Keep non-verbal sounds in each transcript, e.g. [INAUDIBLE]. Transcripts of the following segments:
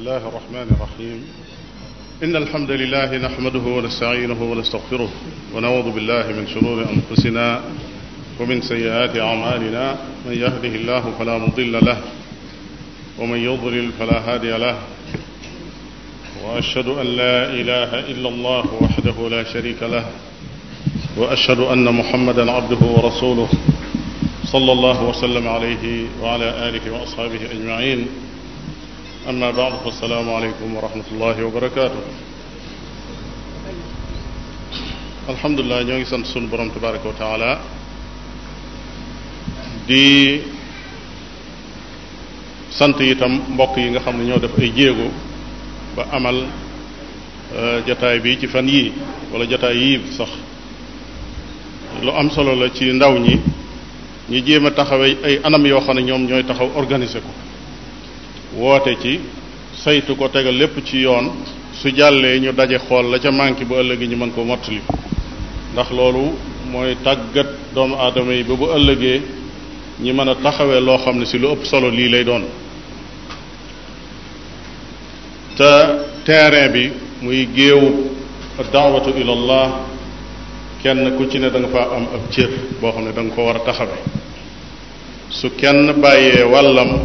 الله الرحمن الرحيم إن الحمد لله نحمده ونستعينه ونستغفره ونعوذ بالله من شرور أنفسنا ومن سيئات أعمالنا من يهده الله فلا مضل له ومن يضلل فلا هادي له وأشهد أن لا إله إلا الله وحده لا شريك له وأشهد أن محمدا عبده ورسوله صلى الله وسلم عليه وعلى آله وأصحابه أجمعين amma baadu fa salaamu aleykum wa rahmatullahi wa barakaatu alhamdulilah ñoo ngi sant sunu borom tabaraka wa taala di sant itam mbokk yi nga xam ne ñoo def ay jéego ba amal euh, jataay bii ci fan yii wala jataay yii sax lu am solo la ci ndaw ñi ñu jéem a taxawee ay anam yoo xam ne ñoom ñooy taxaw organiser ko woote ci saytu ko tegal lépp ci yoon su jàllee ñu daje xool la ca manqué bu ëllëgee ñu mën ko mottali ndax loolu mooy tàggat doomu aadama yi ba bu ëllëgee ñi mën a taxawee loo xam ne si lu ëpp solo lii lay doon te terrain bi muy géewu daawatu ilallah kenn ku ci ne da nga fa am ab cër boo xam ne danga ko war a taxawe su kenn bàyyee wàllam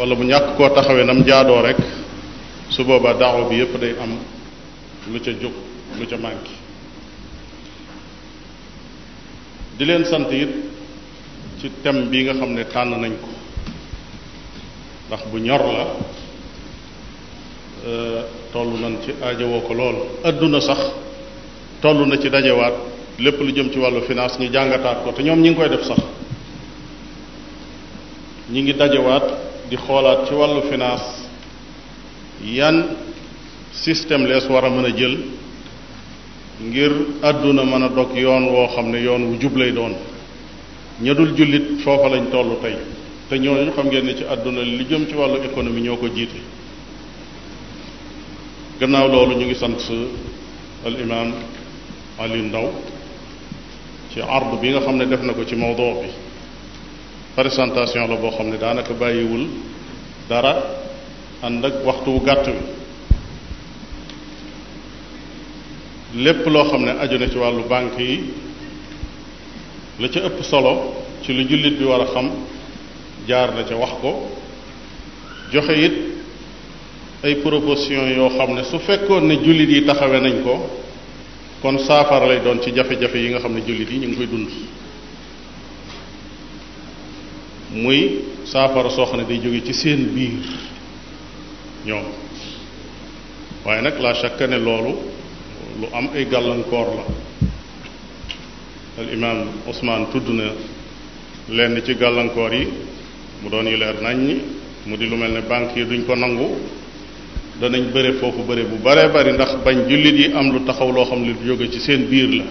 wala bu ñàkk koo taxawee nam jaadoo rek su boobaa daaw bi yépp day am lu ca jóg lu ca manqué di leen sant it ci thème bi nga xam ne tànn nañ ko ndax bu ñor la euh, toll nañ ci aajowoo ko loolu àdduna sax tollu na ci dajewaat lépp lu jëm ci wàllu finance ñu jàngataat ko te ñoom ñi ngi koy def sax ñi ngi dajewaat di xoolaat ci wàllu finance yan système lees war a mën a jël ngir àdduna mën a dog yoon woo xam ne yoon wu jub doon ña dul jullit foofa lañ toll tey te ñooñu xam ngeen ci àdduna li jëm ci wàllu économie ñoo ko jiite gannaaw loolu ñu ngi sant al imam Ali Ndaw ci ardu bi nga xam ne def na ko ci mawdoo bi présentation la boo xam ne daanaka bàyyiwul dara ànd ak waxtu wu gàtt bi lépp loo xam ne aju na ci wàllu banque yi la ca ëpp solo ci lu jullit bi war a xam jaar na ca wax ko joxe it ay proposition yoo xam ne su fekkoon ne jullit yi taxawe nañ ko kon saafara lay doon ci jafe-jafe yi nga xam ne jullit yi ñu ngi koy dund muy saafara soo ne day jóge ci seen biir ñoom waaye nag la chaque ne loolu lu am ay gàllankoor la al imaam Ousmane tudd na lenn ci gàllankoor yi mu doon yi leer naññ mu di lu mel ni bànk yi duñ ko nangu danañ bëre foofu bëre bu bare bari ndax bañ jullit yi am lu taxaw loo xam ne lu jóge ci seen biir la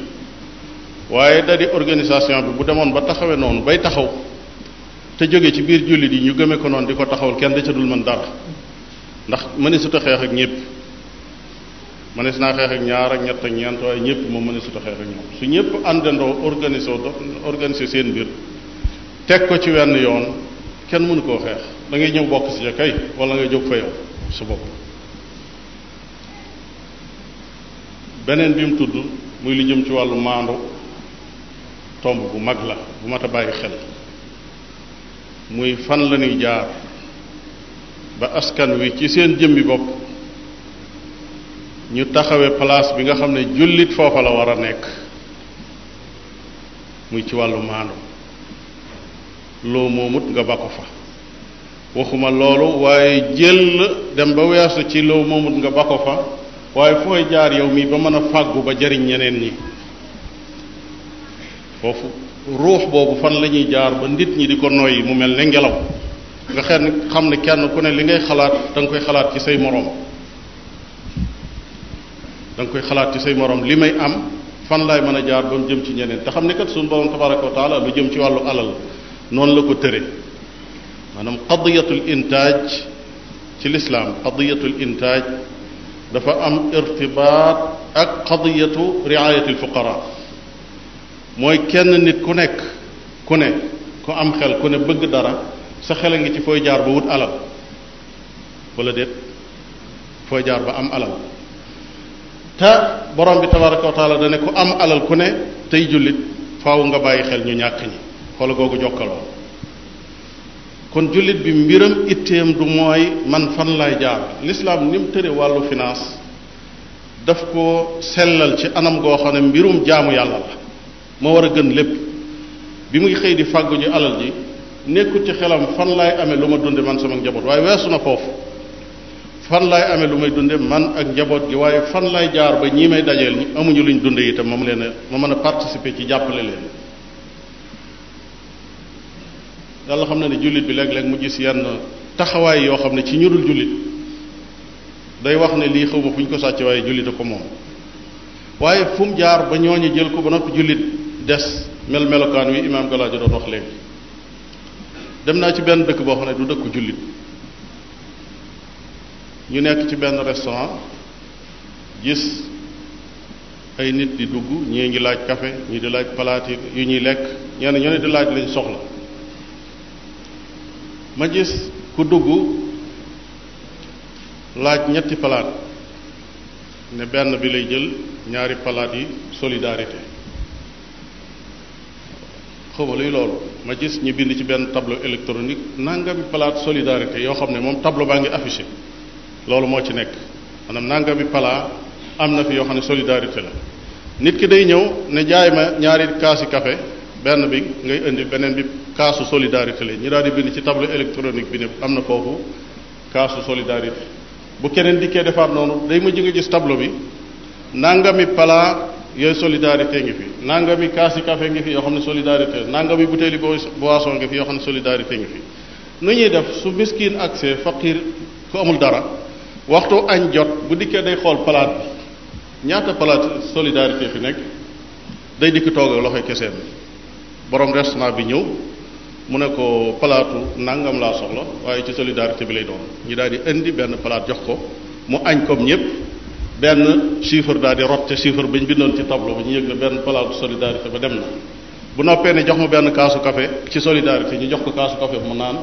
waaye da di organisation bi bu demoon ba taxawee noonu bay taxaw te jóge ci biir jullit yi ñu gëme ko noonu di ko taxawal kenn da ca dul mën dara ndax mëneesuta xeex ak ñépp mënees naa xeex ak ñaar ak ñett ak ñeent waaye ñëpp moom mëneesuta xeex ak su ñëpp àndandoo organisé organisé seen mbir teg ko ci wenn yoon kenn mënu koo xeex dangay ñëw bokk si ja kay wala nga jóg fa yow su bopp beneen bi mu tudd muy li jëm ci wàllu maandu tomb bu mag la bu mat a bàyyi xel muy fan lañuy jaar ba askan wi ci seen jëmbi bopp ñu taxawe palaas bi nga xam ne jullit foofa la war a nekk muy ci wàllu maandu loo moomut nga ba fa waxuma loolu waaye jël dem ba weesu ci loo moomut nga ba fa waaye fooy jaar yow mii ba mën a fàggu ba jariñ ñeneen ñi foofu ruux boobu fan la ñuy jaar ba nit ñi di ko noyyi mu mel ne ngelaw nga xen xam ne kenn ku ne li ngay xalaat danga koy xalaat ci say moroom da koy xalaat ci say moroom li may am fan laay mën a jaar ba mu jëm ci ñeneen te xam ne kat suñu borom tabaraka wa taala lu jëm ci wàllu alal noonu la ko tëre maanaam qadiyatul intaaj ci lislaam qadiyatul intaaj dafa am irtibaat ak qadiyatu riayatil fuqara mooy kenn nit ku nekk ku ne ku am xel ku ne bëgg dara sa xel a ngi ci fooy jaar ba wut alal wala déet fooy jaar ba am alal te borom bi tabaraka wa taala ku am alal ku ne tey jullit faaw nga bàyyi xel ñu ñàkk ñi xoola googu jokkaloo kon jullit bi mbiram itteem du mooy man fan laay jaar lislaam ni mu tëre wàllu finance daf ko sellal ci anam goo xam ne mbirum jaamu yàlla la moo war a gën lépp bi muy xëy di fàgguñu ji alal ji nekkul ci xelam fan laay amee lu ma dunde man sama njaboot waaye weesu na foofu fan laay amee lu may dunde man ak njaboot gi waaye fan laay jaar ba ñii may dajeel ñi amuñu luñ dunde itam ma leen a ma mën a participer ci jàppale leen yàlla xam na ne jullit bi léeg-léeg mu gis yenn taxawaay yoo xam ne ci ñurul jullit day wax ne lii xaw ma fu ñu ko sàcc waaye jullit a ko moom waaye fu jaar ba ñooñu jël ko ba noppi des mel melokaan wi imaam Galaajo doon wax léegi dem naa ci benn dëkk boo xam ne du dëkku jullit ñu nekk ci benn restaurant gis ay nit di dugg ñii ngi laaj kafe ñii di laaj palaati yu ñuy lekk ñenn ñu ne di laaj lañ soxla ma gis ku dugg laaj ñetti palaat ne benn bi lay jël ñaari palaat yi solidarité xawma luy loolu ma gis ñu bind ci benn tableau électronique nangami palaat solidarité yoo xam ne moom tableau baa ngi affiché loolu moo ci nekk maanaam nangami palaa am na fi yoo xam ne solidarité la nit ki day ñëw ne jaay ma ñaari kaasi café benn bi ngay indi beneen bi kaasu solidarité la ñu daal di bind ci tableau électronique bi ne am na foofu kaasu solidarité bu keneen dikkee defaat noonu day ma ji nga gis tableau bi nangami palaa yooyu solidarité ngi fi nangami kaasi café ngi fi yoo xam ne solidarité nangami butéeli boisson ngi fi yoo xam ne solidarité ngi fi nu ñuy def su miskin accès faqir ku amul dara waxtu añ jot bu dikkee day xool palaat bi ñaata palaat solidarité fi nekk day dikk toog ak loxoy keseem borom restaurant bi ñëw mu ne ko palaatu nangam laa soxla waaye ci solidarité bi lay doon ñu daal di indi benn palaat jox ko mu añ comme ñëpp benn chiffre daal di rot ca chiffre ba ñu bindoon ci tableau ba ñu yëg na benn palaatu solidarité ba dem na bu noppee ne jox ma benn kaasu kafe ci solidarité ñu jox ko kaasu café mu naan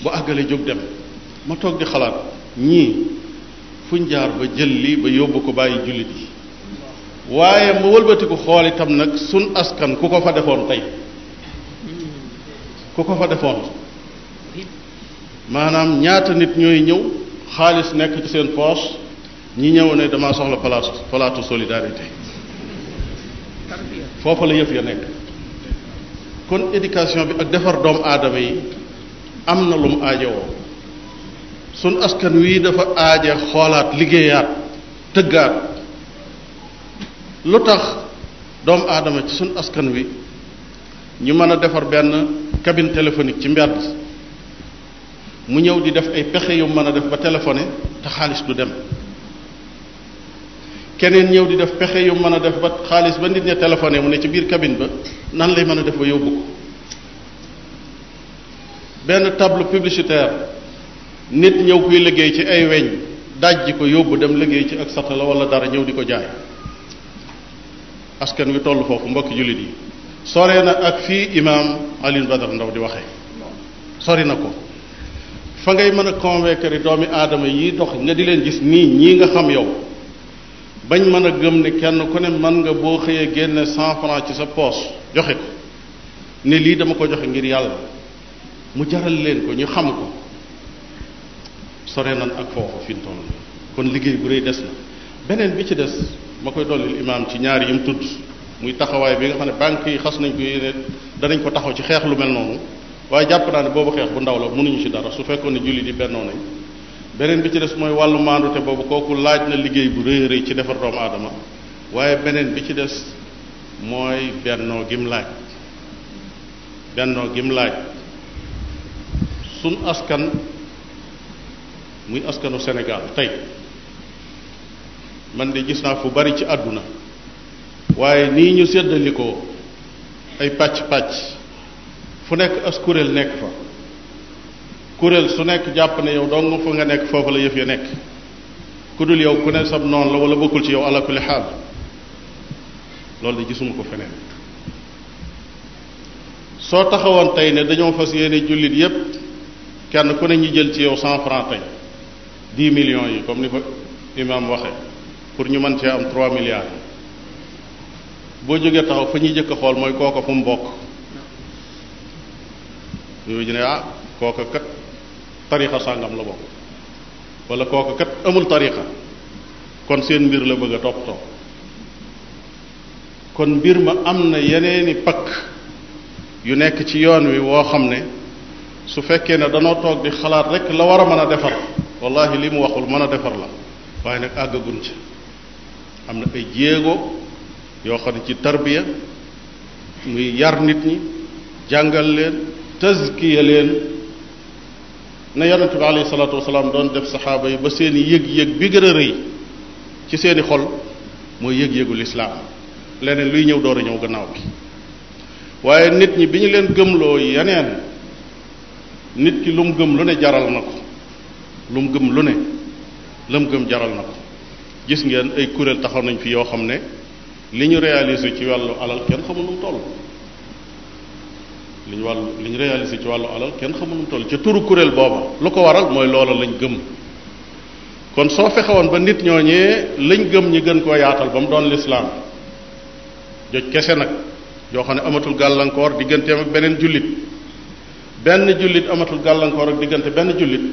bu àggalee jóg dem ma toog di xalaat ñii fuñ jaar ba jël lii ba yóbbu ko bàyyi jullit yi waaye ma wëlbatiku xool itam nag sun askan ku ko fa defoon tey ku ko fa defoon maanaam ñaata nit ñooy ñëw xaalis nekk ci seen poche ñi ñëw ne damaa soxla palaatu palaatu solidarité foofa la yëf ya nekk kon éducation bi ak defar doomu aadama yi am na lum mu aajowoo sun askan wi dafa aaje xoolaat liggéeyaat tëggaat lu tax doomu aadama ci sun askan wi ñu mën a defar benn cabine téléphonique ci mbedd mu ñëw di def ay pexe yu mën a def ba téléphoné te xaalis du dem keneen ñëw di def pexe yu mën a def ba xaalis ba nit ña téléphoné mu ne ci biir cabine ba nan lay mën a def ba yóbbu ko benn table publicitaire nit ñëw kuy liggéey ci ay weñ dajji ko yóbbu dem liggéey ci ak satala wala dara ñëw di ko jaay askan wi toll foofu mbokki jullit yi soree na ak fii imaam Alioune Badara Ndao di waxe sori na ko fa ngay mën a convaincre doomi aadama yi dox nga di leen gis nii ñii nga xam yow bañ man a gëm ne kenn ku ne mën nga boo xëyee génne cent franc ci sa poos joxe ko ne lii dama ko joxe ngir yàlla mu jaral leen ko ñu xam ko sore nan ak foofu fi mu toll kon liggéey bu rëy des na beneen bi ci des ma koy dollil imaam ci ñaar yi mu tudd muy taxawaay bi nga xam ne banque yi xas nañ ko yéene danañ ko taxaw ci xeex lu mel noonu waaye jàpp naa ne boobu xeex bu ndaw la mënuñu ci dara su fekkoon ne julli di bennoo nañ beneen bi ci des mooy wàllu maandute boobu kooku laaj na liggéey bu rëy rëy ci defar doomu aadama waaye beneen bi ci des mooy bennoo gim laaj bennoo gim laaj sun askan muy askanu senegaal tey man de gis naa fu bari ci àdduna waaye nii ñu séddalikoo ay pàcc pàcc fu nekk as kuréel nekk fa kuréel su nekk jàpp ne yow dong fa nga nekk foofu la yëf ya nekk ku dul yow ku ne sab noonu la wala bokkul ci yow ala kulli xaal loolu de gisuma ko feneen soo taxawoon tey ne dañoo fas yéene jullit yépp kenn ku ne ñu jël ci yow cent francs tey dix million yi comme ni ko imam waxe pour ñu mën cee am trois milliards boo jógee taxaw fa ñuy jëkk a xool mooy kooka fu mu bokk ñu ne ah kooka kat tarixa sàngam la bokk walla kooku kat amul tarixa kon seen mbir la bëgg a toppatoo kon mbir ma am na yeneeni pakk yu nekk ci yoon wi woo xam ne su fekkee ne danoo toog di xalaat rek la war a mën a defar wallahi li mu waxul mën a defar la waaye nag àggagun ci am na ay jéego yoo xam ne ci tarbiya muy yar nit ñi jàngal leen tazkiya leen na yonent bi alayhi salaatu wasalaam doon def saxaaba yi ba seeni yëg-yëg bi gën a rëy ci seeni xol mooy yëg-yëgu lislaam leneen luy ñëw door a ñëw gannaaw bi waaye nit ñi bi ñu leen gëmloo yeneen nit ki lu mu gëm lu ne jaral na ko lu mu gëm lu ne la mu gëm jaral na ko gis ngeen ay kuréel taxaw nañu fi yoo xam ne li ñu réaliser ci wàllu alal kenn xamul nu mu li ñu wàllu li ñu réalisé ci wàllu alal kenn xamul nu toll ca turu kuréel booba lu ko waral mooy loola lañ gëm kon soo fexewoon ba nit ñooñee lañ gëm ñi gën koo yaatal ba mu doon lislaam joj kese nag yoo xam ne amatul gàllankoor digganteem ak beneen jullit benn jullit amatul gàllankoor ak diggante benn jullit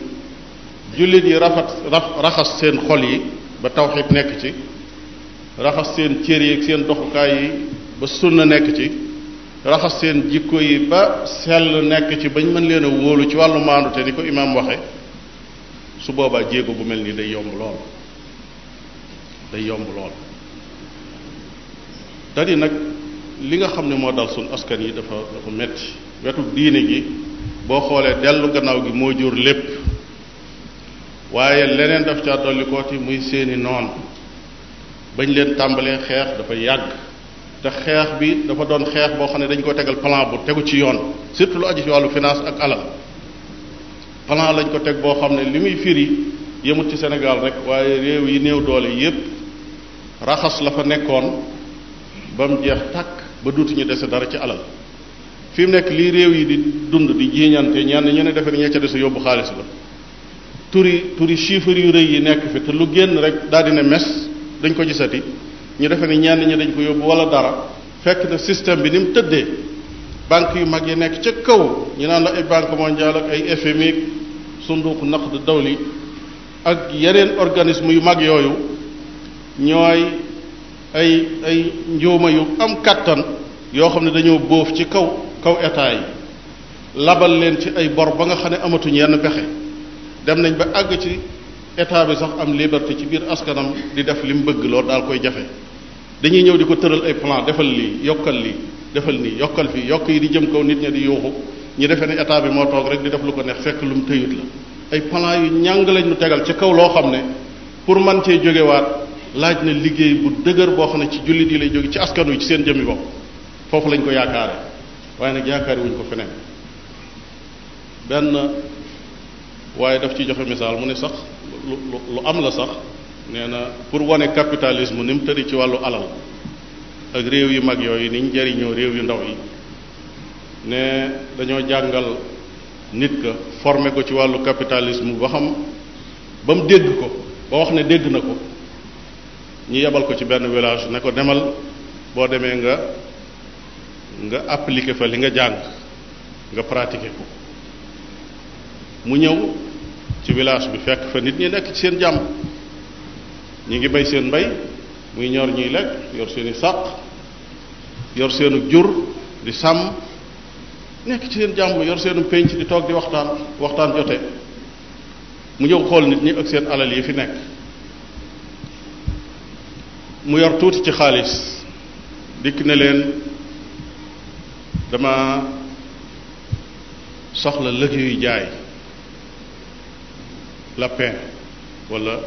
jullit yi rafat raxas seen xol yi ba tawxit nekk ci raxas seen cër yi ak seen doxukaay yi ba sunna nekk ci raxas seen jikko yi ba sell nekk ci bañ mën leen a wóolu ci wàllu maandu te ni ko imaam waxe su boobaa jéego bu mel nii day yomb lool day yomb lool dadi nag li nga xam ne moo dal suñ askan yi dafa dafa metti wetu diine gi boo xoolee dellu gannaaw gi moo jur lépp waaye leneen def caa dolli kooti muy seeni noon bañ leen tàmbalee xeex dafa yàgg te xeex bi dafa doon xeex boo xam ne dañ ko tegal plan bu tegu ci yoon surtout lu aju ci wàllu finance ak alal plan lañ ko teg boo xam ne li muy firi yemut ci senegaal rek waaye réew yi néew doole yépp raxas la fa nekkoon ba mu jeex tàkk ba duutuñu dese dara ci alal fi mu nekk lii réew yi di dund di jiiñante ñaan ñu ne defe ñee ca dese yóbbu xaalis la turi turi chiffres yu rëy yi nekk fi te lu génn rek daal di ne mes dañ ko gisati ñu defe ni ñenn ñi dañ ko yóbbu wala dara fekk na système bi ni mu tëddee banque yu mag yi nekk ca kaw ñu naan la ay banque mondiale ak ay FMI sunduq naqd dawli ak yeneen organisme yu mag yooyu ñooy ay ay njuuma yu am kàttan yoo xam ne dañoo bóof ci kaw kaw état yi labal leen ci ay bor ba nga xam ne amatuñ yenn pexe dem nañ ba àgg ci état bi sax am liberté ci biir askanam di def li mu bëgg loolu daal koy jafe dañuy ñëw di ko tëral ay plan defal lii yokkal lii defal nii yokkal fii yokk yi di jëm kaw nit ña di yuuxu ñu defe ne état bi moo toog rek di def lu ko neex fekk lu mu tëyut la ay plan yu ñàng lañ ñu tegal ci kaw loo xam ne pour man cee jógewaat laaj na liggéey bu dëgër boo xam ne ci jullit yi lay jóge ci askan wi ci seen jëmmi bopp foofu lañ ko yaakaare waaye nag yaakaari wuñ ko feneen benn waaye daf ci joxe misaal mu ne sax lu lu am la sax nee na pour wane capitalism ni mu tëddi ci wàllu alal ak réew yu mag yooyu niñ ñu réew yu ndaw yi ne dañoo jàngal nit ka former ko ci wàllu capitalisme ba xam ba mu dégg ko ba wax ne dégg na ko ñu yebal ko ci benn village ne ko demal boo demee nga nga appliquer fa li nga jàng nga pratiquer ko mu ñëw ci village bi fekk fa nit ñi nekk ci seen jàmm ñu ngi bay seen mbay muy ñor ñuy lekk yor seeni i sàq yor seenu jur di sàmm nekk ci seen jàmm yor seenu pénc di toog di waxtaan waxtaan jote mu ñëw xool nit ñi ak seen alal yi fi nekk mu yor tuuti ci xaalis dikk ne leen dama soxla lëg yuy jaay lapin wala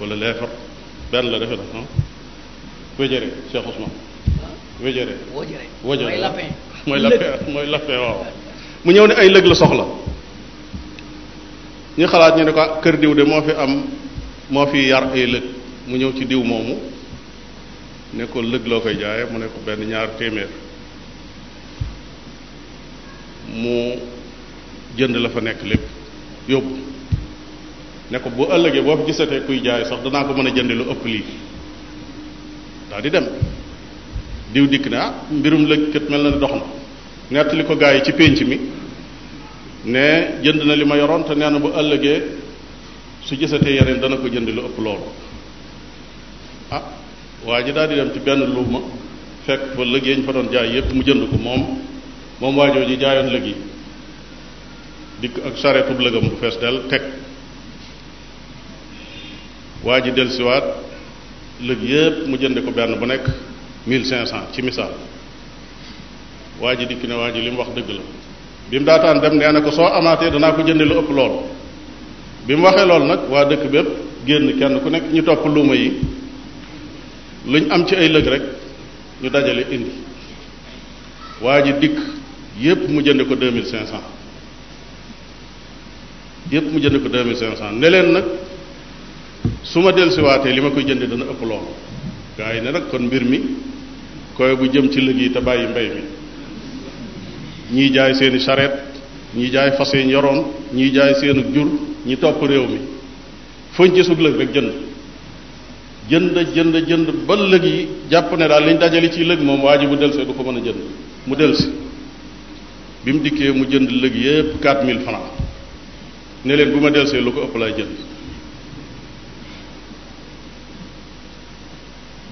wala leefar benn la defe na ah. wéjëre Cheikh Ousmane ah. wéjëre wojëre mooy lapin mooy lapin [LAUGHS] mooy mu ñëw ne ay lëg la soxla ñu xalaat ñu ne ko ah, kër diw de moo fi am moo fi yar ay lëg mu ñëw ci diw moomu ne ko lëg loo koy jaaye mu ne ko benn ñaar téeméer mu jënd la fa nekk lépp yóbbu ne ko bu ëllëgee boo fi gisatee kuy jaay sax danaa ko mën a jënd lu ëpp lii daal di dem diw dikk ne ah mbirum lëj kat mel na ne dox na nettali ko gaa yi ci pénc mi ne jënd na li ma yoroon te nee na bu ëllëgee su gisatee yeneen dana ko jënd lu ëpp loolu ah waa ji daal di dem ci benn luuma fekk fa lëg yañ fa doon jaay yépp mu jënd ko moom moom waajoo ji jaayoon lëg yi dikk ak sareetub lëgam bu fees del teg waa ji dellusiwaat lëg yépp mu jënde ko benn bu nekk mille cinq cent ci misaal waa ji dikk ne waa ji li mu wax dëgg la bi mu daataan dem nee na ko soo amaatee danaa ko jënde lu ëpp lool bi mu waxee lool nag waa dëkk bépp génn kenn ku nekk ñu topp luuma yi luñ am ci ay lëg rek ñu dajale indi waa ji dikk yépp mu jënde ko deux mille cinq cent mu jënd ko deux mille cinq cent ne leen nag su ma dellusiwaatee li ma koy jënd dana ëpp loolu gaa yi ne nag kon mbir mi koy bu jëm ci yi te bàyyi mbay mi ñuy jaay seeni charrette ñuy jaay fase yi ñuy ñii jaay seenu jur ñi topp réew mi fuñ ci sug lëg rek jënd jënd jënd jënd ba lëg yi jàpp ne daal liñ dajale ci lëg moom waa ji bu delsee du ko mën a jënd mu delsi bi mu dikkee mu jënd lëg yépp 4000 mille ne leen bu ma delsee lu ko ëpp laay jënd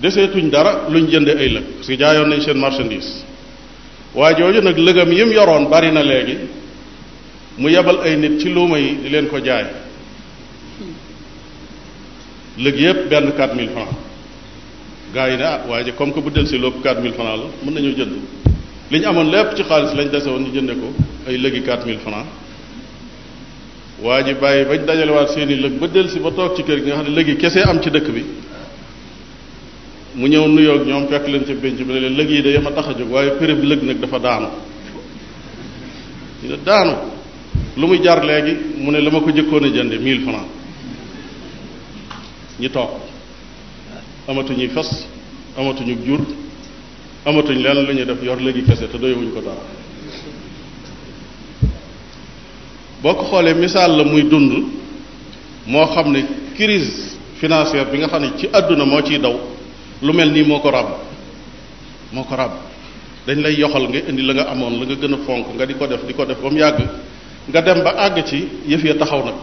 deseetuñ dara luñ jënde ay lëg parce jaayoon nañ seen marchandise waa jooju nag lëgam yim yoroon bari na léegi mu yebal ay nit ci luuma yi di leen ko jaay lëg yépp benn 4000 francs gaa yi ne ah waaye comme que bu del si lopp 4000 francs la mën nañu jënd li ñu amoon lépp ci xaalis lañ dese woon ñu jënde ko ay lëgi 4000 francs waa ji bàyyi bañ dajalewaat seeni i lëg ba del si ba toog ci kër gi nga xam ne lëgi kese am ci dëkk bi mu ñëw nuyoog ñoom fekk leen ca pénc bi ne leen lëg yi de yama tax a jóg waaye péréb lëg nag dafa daanu ñu daanu lu muy jar léegi mu ne la ma ko jëkkoon a jënde mille francs ñi toog amatuñuy fas amatuñu jur amatuñ lenn lu ñuy def yor léegi kese te doyewuñ ko dara boo xoolee misaal la muy dund moo xam ne crise financière bi nga xam ne ci àdduna moo ciy daw lu mel nii moo ko ràbb moo ko ràbb dañ lay yoxal nga indi la nga amoon la nga gën a fonk nga di ko def di ko def ba mu yàgg nga dem ba àgg ci yëf ya taxaw nag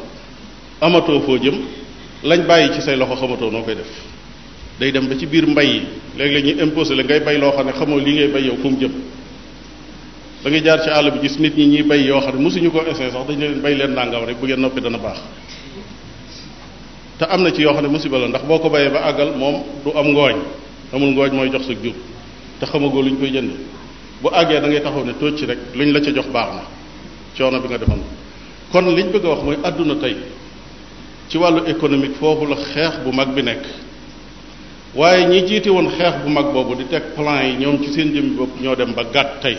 amatoo foo jëm lañ bàyyi ci say loxo xamatoo noo koy def day dem ba ci biir mbay yi léegi la ñuy imposé la ngay bay loo xam ne xamoo li ngay bay yow fu jëm da ngay jaar ci àll bi gis nit ñi ñuy bay yoo xam ne mosuñu ko essayé sax dañu leen bay leen nàngam rek bu ngeen noppi dana baax te am na ci yoo xam ne musiba la ndax boo ko bayee ba àggal moom du am ngooñ amul ngooñ mooy jox sa jur te xamagoo luñ koy jënd bu àggee da ngay taxaw ne tóoj ci rek luñ la ca jox baax na coono bi nga defoon kon liñ bëgg a wax mooy àdduna tey ci wàllu économique foofu la xeex bu mag bi nekk waaye ñi jiite woon xeex bu mag boobu di teg plan yi ñoom ci seen jëmmi bopp ñoo dem ba gàtt tey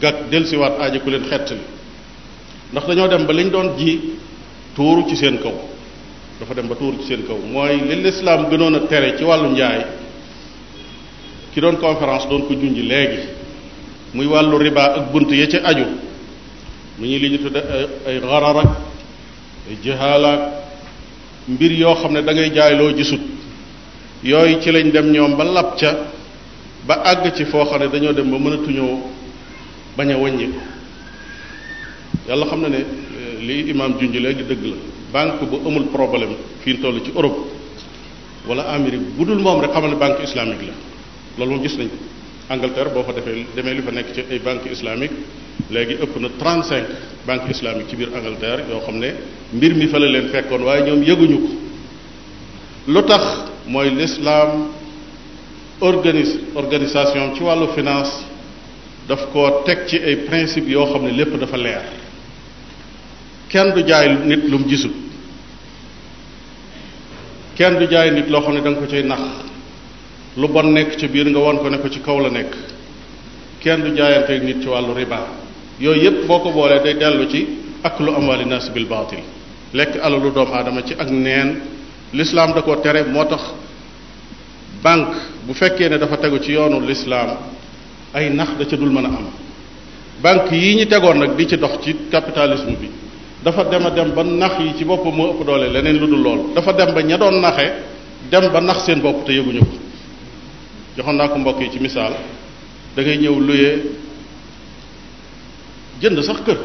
gàtt dellusiwaat aaja ku leen xettali ndax dañoo dem ba liñ doon ji tuuru ci seen kaw dafa dem ba tuur ci seen kaw mooy li lislaam gënoon a tere ci wàllu njaay ki doon conférence doon ko junj léegi muy wàllu ribaa ak bunt yi ci aju mu ñu li ñu tudde ay xarar ak ay jihaalaak mbir yoo xam ne da ngay jaay loo gisut yooyu ci lañ dem ñoom ba lab ca ba àgg ci foo xam ne dañoo dem ba mënatuñoo bañ a wàññi yàlla xam na ne eh, li imaam junj léegi dëgg la banque bu amul problème fii toll ci Europe wala Amérique bu dul moom rek xamal ne banque islamique la loolu moom gis nañ ko boo fa defee demee li fa nekk ci ay banque islamique léegi ëpp na 35 banque islamique ci biir Angleterre yoo xam ne mbir mi fa la leen fekkoon waaye ñoom yëguñu ko lu tax mooy l'islam organise organisation ci wàllu finance daf ko teg ci ay principes yoo xam ne lépp dafa leer kenn du jaay nit lu mu gisul kenn du jaay nit loo xam ne da ko cay nax lu bon nekk ci biir nga won ko ne ko ci kaw la nekk kenn du jaayante nit ci wàllu riba yooyu yépp boo ko boolee day dellu ci ak lu amwali nas bil baatil lekk alalu doomu aadama ci ak neen lislaam da ko tere moo tax banque bu fekkee ne dafa tegu ci yoonu lislaam ay nax da ca dul mën a am banque yi ñu tegoon nag di ci dox ci capitalisme bi dafa dem dem ba nax yi ci boppam moo ëpp doole leneen lu dul lool dafa dem ba ña doon naxe dem ba nax seen bopp te yëguñu ko joxoon naa ko mbokk yi ci misaal da ngay ñëw luye jënd sax kër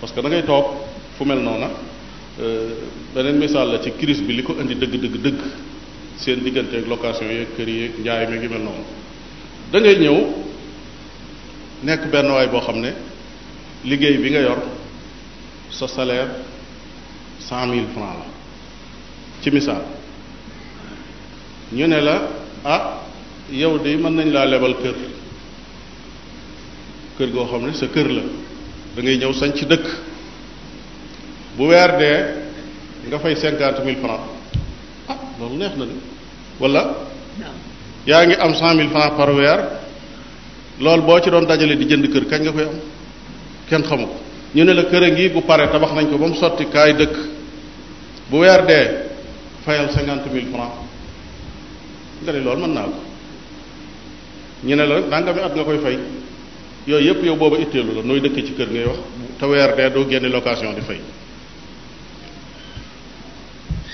parce que da ngay toog fu mel noona euh, beneen misaal la ci crise bi li ko indi dëgg dëgg dëgg seen diggante ak location yeeg kër yeeg njaay mi ngi mel noonu da ñëw nekk benn waaye boo xam ne liggéey bi nga yor sa salaire cent mille francs la ci misaal ñu ne la ah yow de mën nañ laa lebal kër kër goo xam ne sa kër la da ngay ñëw sañ ci dëkk bu weer dee nga fay cinquante mille francs ah loolu neex na de wala yaa ngi am cent mille francs par weer loolu boo ci doon dajale di jënd kër kañ nga koy am kenn xamu ko ñu ne la kër a ngi gu pare tabax nañ ko ba mu sotti kaay dëkk bu weer dee fayal cinquante mille francs nga ne loolu mën naa ko ñu ne la rek nangami at nga koy fay yooyu yëpp yow booba itteelu la nooy dëkkee ci kër ngay wax te weer dee doo génne location di fay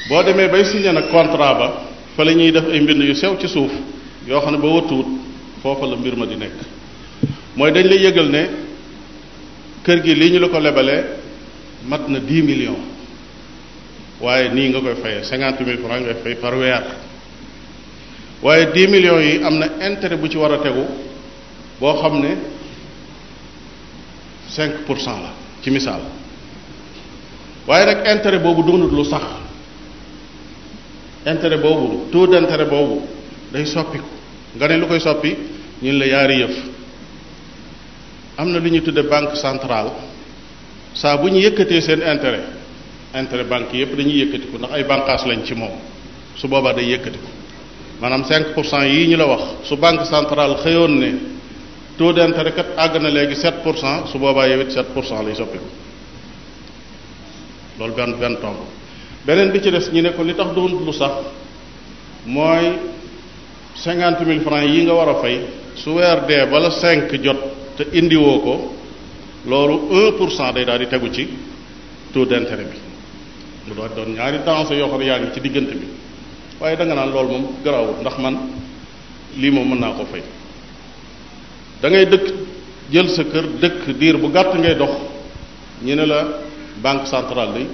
boo demee bay signé nag contrat ba fa la ñuy def ay mbind yu sew ci suuf yoo xam ne ba wëttuwut foofa la mbir ma di nekk mooy dañ lay yëgal ne kër gi lii ñu la ko lebalee mat na dix millions waaye nii nga koy fayee cinquante mille francs ngay fay par weer waaye dix millions yi am na intérêt bu ci war a tegu boo xam ne cinq pour cent la ci misaal waaye nag intérêt boobu doonut lu sax intérêt boobu taux d'intérêt boobu day soppi nga ne lu koy soppi ñu la yaari yëf am na lu ñu tudde banque centrale saa bu ñu yëkkatee seen intérêt intérêt banque yépp dañuy yëkkatiku ndax ay bànqaas lañ ci moom su boobaa day yëkkati maanaam 5 pour cent yii ñu la wax su banque centrale xëyoon ne taux d'intérêt kat àgg na léegi 7 pour cent su boobaa yow it 7 pour cent loolu benn benn tomb beneen bi ci des ñu ne ko li tax doon lu sax mooy cinquante mille francs yi nga war a fay su weer dee bala cinq jot te indiwoo ko loolu un pour cent day daal di tegu ci taux d'intérêt bi mu doon doon ñaari danse yoo xam yaa ngi ci diggante bi waaye danga naan loolu moom garaw ndax man lii moom mën naa ko fay da ngay dëkk jël sa kër dëkk diir bu gàtt ngay dox ñu ne la banque centrale day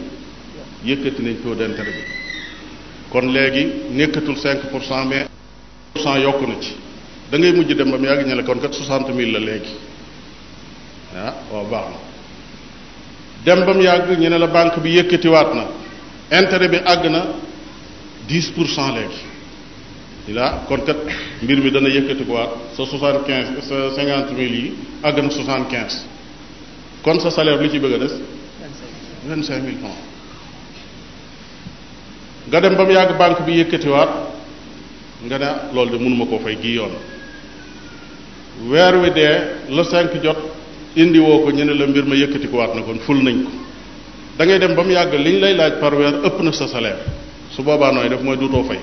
yëkkati nañ taux d'intérêt bi kon léegi nekkatul cinq pour cent mais pour cent yokku na ci dangay mujj dem ba mu yàgg ñu ne kon kat soixante mille la léegi ah waaw baax na dem ba mu yàgg ñu ne la banque bi yëkkatiwaat na intérêt bi àgg na dix pour cent léegi ilaa kon kat mbir mi dana yëkkatikuwaat sa soixante quinze sa cinquante mille yi àgg na soixante quinze kon sa salaire lu ci bëgg a des vingt cinq nga dem ba mu yàgg banque bi yëkkatiwaat nga ne loolu de mënuma koo fay gi yoon weer wi dee le cinq jot indi woo ko ñu ne la mbir ma yëkkati ko waat na kon ful nañ ko dangay dem ba mu yàgg liñ lay laaj par weer ëpp na sa salaire su boobaa nooy def mooy duutoo fay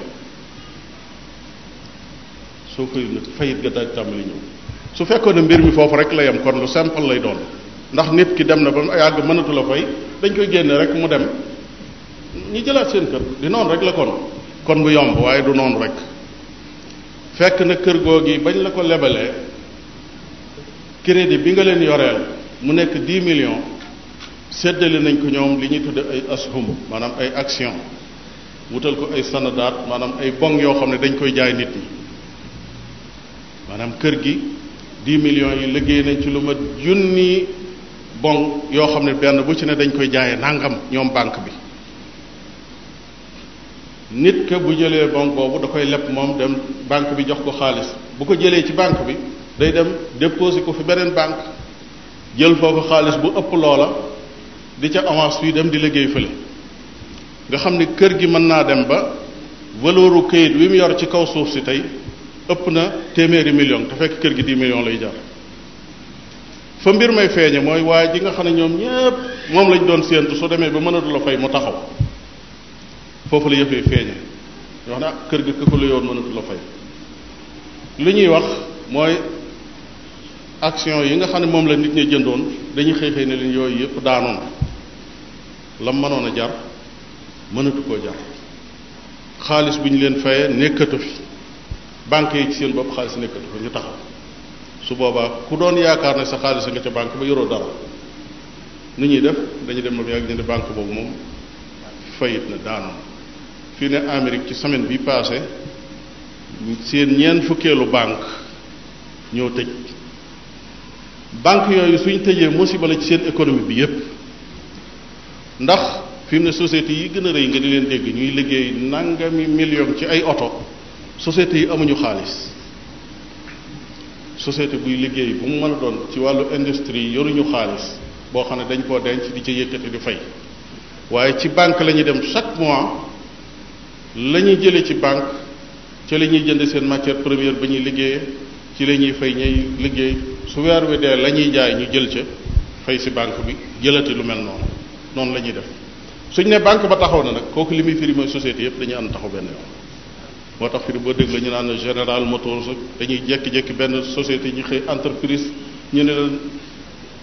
soo fay nag fayit ga daal tàmbali ñëw su fekkoon ne mbir mi foofu rek la yem kon lu simple lay doon ndax nit ki dem na ba mu yàgg mënatu la dañ koy génne rek mu dem ñu jëlaat seen kër di noonu rek la kon kon bu yomb waaye du noonu rek fekk na kër googi bañ la ko lebalee crédit bi nga leen yoreel mu nekk 10 million séddale nañ ko ñoom li ñuy tudd ay ashum maanaam ay action wutal ko ay sanadaat maanaam ay bong yoo xam ne dañ koy jaay nit ñi maanaam kër gi 10 millions yi liggéey nañ ci lu mat junni bon yoo xam ne benn bu ci ne dañ koy jaayee nangam ñoom banque bi nit ka bu jëlee bong boobu da koy leb moom dem banque bi jox ko xaalis bu ko jëlee ci bànk bi day dem déposer ko fi beneen banque jël foofu xaalis bu ëpp loola di ca avance fii dem di liggéey fële nga xam ni kër gi mën naa dem ba valeuru kayit wi mu yor ci kaw suuf si tey ëpp na téeméeri million te fekk kër gi di million lay jar fa mbir may feeñe mooy waaye ji nga xam ne ñoom ñépp moom lañ doon séentu su demee ba mënatu la mu taxaw foofu la yëfee feeñe yoo xam ne ah kër gi ku ko la yoon mënatu la li ñuy wax mooy action yi nga xam ne moom la nit ñi jëndoon dañuy xëy xëy ne leen yooyu yëpp daanoon lam mënoon a jar mënatu koo jar xaalis bu ñu leen fayee nekkatu fi banque yi ci seen bopp xaalis nekkatu fi ñu taxaw su boobaa ku doon yaakaar ne sa xaalis a nga ca banque ba yoroo dara nu ñuy def dañuy dem ba mu yàgg ñu boobu moom fayit na daanoon fii ne Amérique ci semaine bi passé seen ñeent fukkeelu bànk ñoo tëj banque yooyu suñu tëjee musiba la ci seen économie bi yépp ndax fi ne société yi gën a rëy nga di leen dégg ñuy liggéey nangami million ci ay oto sociétés yi amuñu xaalis societé buy liggéey bu mu mën a doon ci wàllu industrie yoruñu xaalis boo xam ne dañ koo denc di ci yëkkati di fay waaye ci banque la ñuy dem chaque mois la ñuy jëlee ci banque ca la ñuy jënd seen matière première ba ñuy liggéeye ci la ñuy fay ñay liggéey su weer wi dee la ñuy jaay ñu jël ca fay si banque bi jëlati lu mel noonu noonu la ñuy def suñ ne banque ba taxaw na nag kooku li muy firi mooy société yëpp dañuy ànd taxaw benn moo tax firi boo dégg la ñu naan General Motors dañuy jékki-jékki benn société ñu xëy entreprise ñu ne leen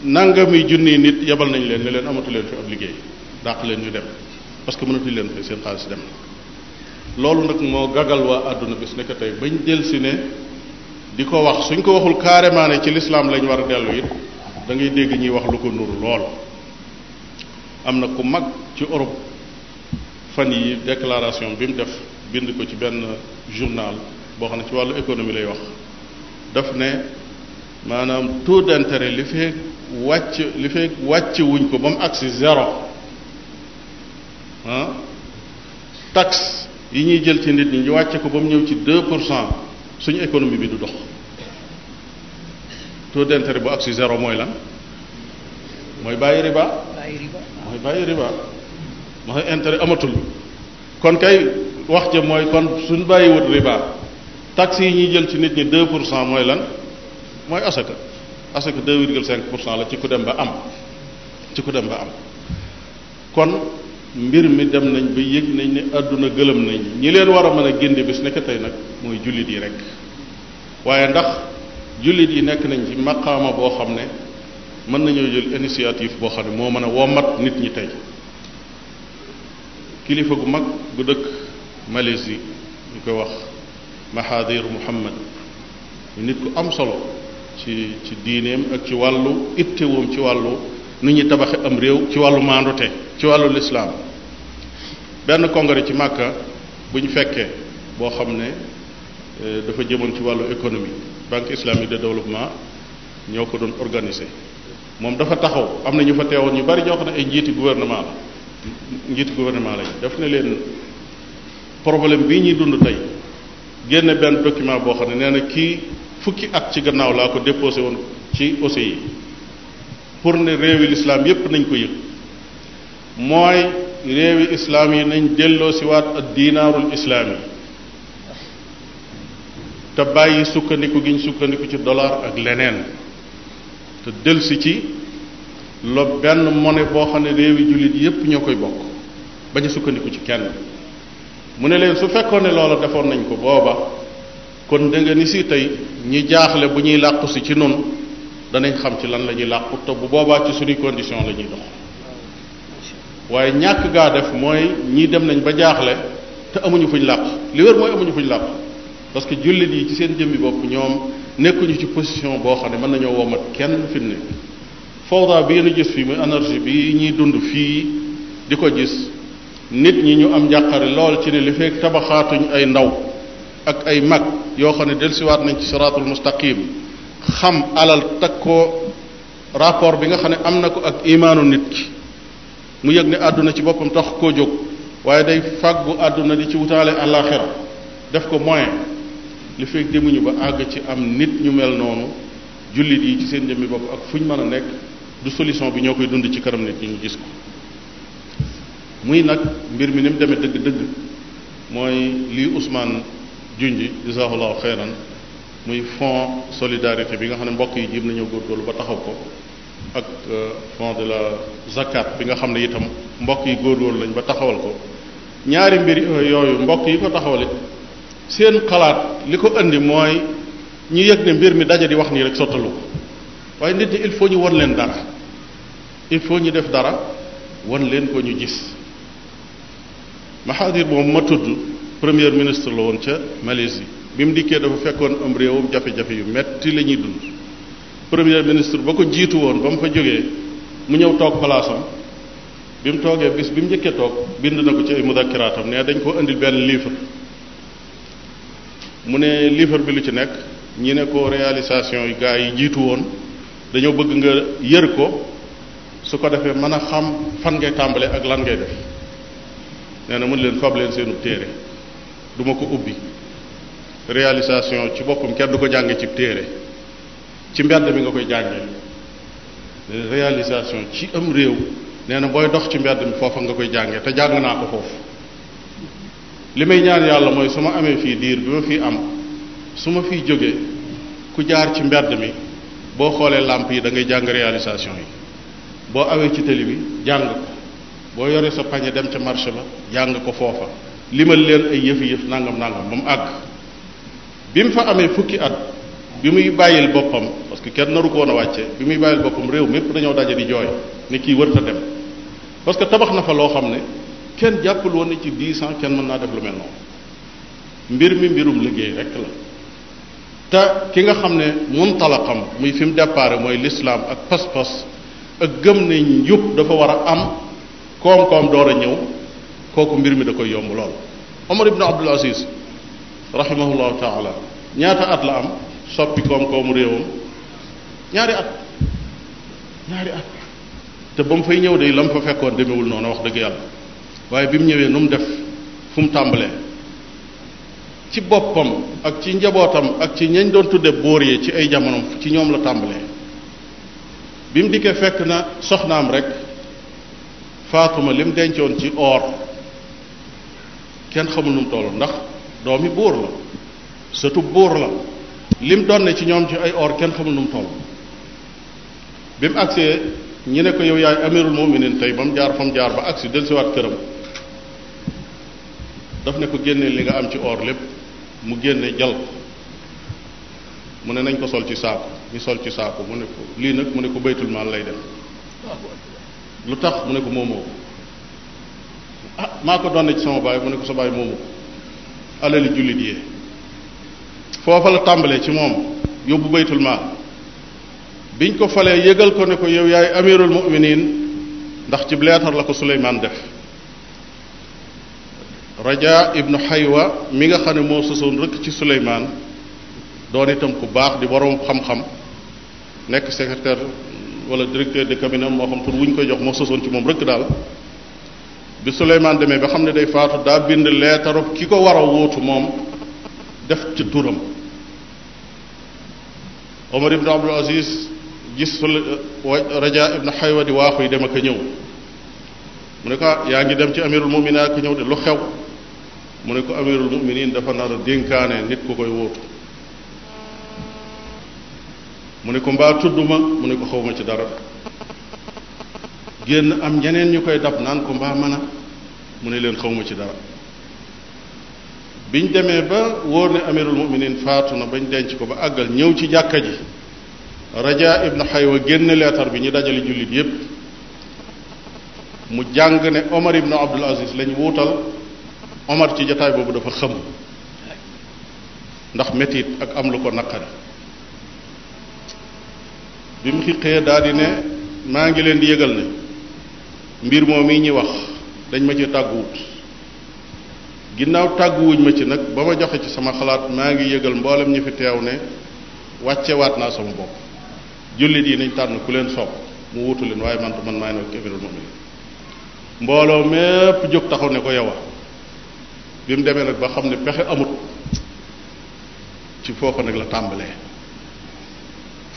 nangami junni nit yebal nañ leen ne leen amatu leen fi ab liggéey dàq leen ñu dem parce que mënatuñ leen fay seen xaalis dem na loolu nag moo gagal waa àdduna bis nekk tey jël si ne li ko wax suñ ko waxul carrément ne ci lislaam lañu war a dellu it da ngay dégg ñuy wax lu ko nuru lool am na ku mag ci Europe fan yi déclaration bi mu def bind ko ci benn journal boo xam ne ci wàllu économie lay wax daf ne maanaam taux d'intérêt li fee wàcc li fee wàcc wuñ ko ba mu agsi zéro ah taxe yi ñuy jël ci nit ñi ñu wàcce ko ba mu ñëw ci deux pour cent suñu économie bi du dox taux d'intérêt bu ak si zéro mooy lan mooy bàyyi riba mooy bàyyi riba mooy intérêt amatul kon kay wax ja mooy kon suñ bàyyiwut riba taxes yi ñuy jël ci nit ñi 2 pour cent mooy lan mooy asaka asaka 2 virgule 5 pour cent la ci ku dem ba am ci ku dem ba am kon mbir mi dem nañ ba yëg nañ ni àdduna gëlëm nañ ñi leen war a mën a génne bis nekk tey nag mooy jullit yi rek waaye ndax jullit yi nekk nañ ci maqaama boo xam ne mën nañoo jël initiative boo xam ne moo mën a womat nit ñi tey kilifa gu mag gu dëkk Malaisie ñu koy wax Mahadir Muhammad nit ku am solo ci ci diineem ak ci wàllu ittewoom ci wàllu nu ñuy tabaxe am réew ci wàllu maandute ci wàllu lislaam benn congrès ci màkka bu ñu fekkee boo xam ne euh, dafa jëmoon ci wàllu économie banque islamique de développement ñoo ko doon organisé moom dafa taxaw am na ñu fa teewoon ñu bari ñoo xam ne ay njiiti gouvernement la njiiti gouvernement lañ daf ne leen problème bii ñuy dund tey génne benn document boo xam ne nee na kii fukki at ci gannaaw laa ko déposé woon ci OCI pour ne réewi lislaam yépp nañ ko yëg mooy réewi islaam yi nañ delloo siwaat ak diinaarul islaam yi te bàyyi sukkandiku gi ñu sukkandiku ci dollar ak leneen te delsi ci lo benn monnaie boo xam ne réewi jullit yépp ñoo koy bokk bañ sukkandiku ci kenn mu ne leen su fekkoon ne loola defoon nañ ko booba kon da ni si tey ñi jaaxle bu ñuy làqu si ci noonu danañ xam ci lan la ñuy làqu te bu boobaa ci suñuy condition la ñuy dox waaye ñàkk gaa def mooy ñii dem nañ ba jaaxle te amuñu fuñ làq li wér mooy amuñu fuñ làq parce que jullit yi ci seen jëmmi bopp ñoom nekkuñu ci position boo xam ne mën nañoo womat kenn fi mu ne fawda bi ngeen gis fii muy énergie bi ñuy dund fii di ko gis nit ñi ñu am njàqare lool ci ne li fekk tabaxaatuñ ay ndaw ak ay mag yoo xam ne dellusiwaat nañ ci siraatul mustaqim xam alal takkoo rapport bi nga xam ne am na ko ak imaanu nit ki mu yëg ne àdduna ci boppam tax koo jóg waaye day fàggu àdduna di ci wutaale àllaaxira def ko moyen li fekk demuñu ba àgg ci am nit ñu mel noonu jullit yi ci seen jëmmi bopp ak fu ñu mën a nekk du solution bi ñoo koy dund ci këram nit ñi ñu gis ko muy nag mbir mi ni mu demee dëgg-dëgg mooy lii Ousmane junj jazaahullahu xeyran muy fonds solidarité bi nga xam ne mbokk yi jiib nañoo góorgóorlu ba taxaw ko ak euh, fonds de la zakat bi nga xam ne itam mbokk yi góor góorgóorlu lañ ba taxawal ko ñaari mbir yooyu mbokk yi ko taxawale seen xalaat li ko indi mooy ñu yëg ne mbir mi daje di wax nii rek sottalu ko waaye nit ñi il faut ñu wan leen dara il faut ñu def dara wan leen ko ñu gis mahadir moom ma tudd première ministre la woon ca Malaisie bi mu dikkee dafa fekkoon am réewam jafe-jafe yu metti la ñuy dund premier ministre ba ko jiitu woon ba mu fa jógee mu ñëw toog palaasam bi mu toogee bis bi mu njëkkee toog bind na ko ci ay mudakiraatam dañ koo indil benn livre mu ne livre bi lu ci nekk ñi ne ko réalisation yu gars yi jiitu woon dañoo bëgg nga yër ko su ko defee mën a xam fan ngay tàmbale ak lan ngay def nee na mën leen fab leen seenu téere duma ko ubbi réalisation ci boppam kenn du ko jànge ci téere ci mbedd mi nga koy jànge réalisation ci ëm réew nee na booy dox ci mbedd mi foofa nga koy jànge te jàng naa ko foofu li may ñaan yàlla mooy su ma amee fii diir bi ma am su ma fiy jógee ku jaar ci mbedd mi boo xoolee làmp yi da ngay jàng réalisation yi boo awee ci télé bi boo yoree sa pañe dem ca marché ba jàng ko foofa limal leen ay yëfi yëf nangam nangam ba mu àgg bi mu fa amee fukki at bi muy bàyyil boppam parce que kenn naru ko woon a wàcce bi muy bàyyil boppam réew mépp dañoo daje di jooy ne kii wër ta dem parce que tabax na fa loo xam ne kenn jàppul woon ne ci dix ans kenn mën naa def lu mel noonu mbir mi mbirum liggéey rek la te ki nga xam ne muntalaqam muy fi mu déparé mooy lislaam ak pas-pas ak gëm ne njub dafa war a am koom-koom door a ñëw kooku mbir mi da koy yomb lool Omar ibn Abdul Aziz rahimahullahu taala ñaata at la am soppi koom-koomu réewam ñaari at ñaari at te ba mu fay ñëw day la mu fa fekkoon demewul noonu wax dëgg yàlla waaye bi mu ñëwee nu mu def fu mu tàmbalee ci boppam ak ci njabootam ak ci ñañ doon tudde bóor yi ci ay jamono ci ñoom la tàmbalee bi mu dikkee fekk na soxnaam rek faatuma li mu dencoon ci or kenn xamul nu mu toll ndax doomi buur la sëtu buur la lim donne ci ñoom ci ay or kenn xamul nu mu toll bi mu agsee ñi ne ko yow yaay amirul muminin tey ba mu jaar fa mu jaar ba agsi delsiwaat këram daf ne ko génneel li nga am ci or lépp mu génne jal mu ne nañ ko sol ci saako ñu sol ci saako mu ne ko lii nag mu ne ko baytul maal lay dem lu tax mu ne ko moomoo ah maa ko donne ci sama baay mu ne ko sa baay moomu alali jullit yi foofa la tàmbalee ci moom yóbbu baytul maal biñ ko falee yëgal ko ne ko yow yaay amirul mu'minin ndax ci leetar la ko Suleymaan def Raja ibnu Xaywa mi nga xam ne moo sosoon rëkk ci Suleymaan doon itam ku baax di borom xam-xam nekk secrétaire wala directeur de cabinet moo xam pour wuñ ko jox moo sosoon ci moom rëkk daal bi Suleymaan demee ba xam ne day faatu daa bind leetarub ki ko war a wuutu moom def ci turam Omar ibn Abdul Aziz gis Sule Raja ibn Xaywa di waaxu yi dem ak a ñëw mu ne ko yaa ngi dem ci amirul muminin ak ñëw de lu xew mu ne ko amirul muminin dafa nar a dénkaane nit ku koy wuutu mu ne ko mbaa tudd ma mu ne ko xaw ma ci dara. génn am ñeneen ñu koy dab naan ko mbaa mën a mu ne leen xawma ci dara biñ demee ba wóor ne amirul muminin faatu na bañ denc ko ba àggal ñëw ci jàkka ji raja ibn xaywa génn leetar bi ñu dajale jullit yépp mu jàng ne omar ibn abdul aziz lañ wuutal omar ci jataay boobu dafa xëm ndax metit ak am lu ko naqari bi mu xiqee daal ne maa ngi leen di yëgal ne mbir moom mii ñuy wax dañ ma ci tàgguwut ginnaaw tàgguwuñ ma ci nag ba ma joxe ci sama xalaat maa ngi yëgal mboolem ñu fi teew ne wàccewaat naa sama bopp jullit yi nañ tànn ku leen sopp mu wutu leen waaye man man maay nekk amirul mu'minin mbooloo mépp jóg taxaw ne ko yow bi mu demee nag ba xam ne pexe amut ci foofa nag la tàmbalee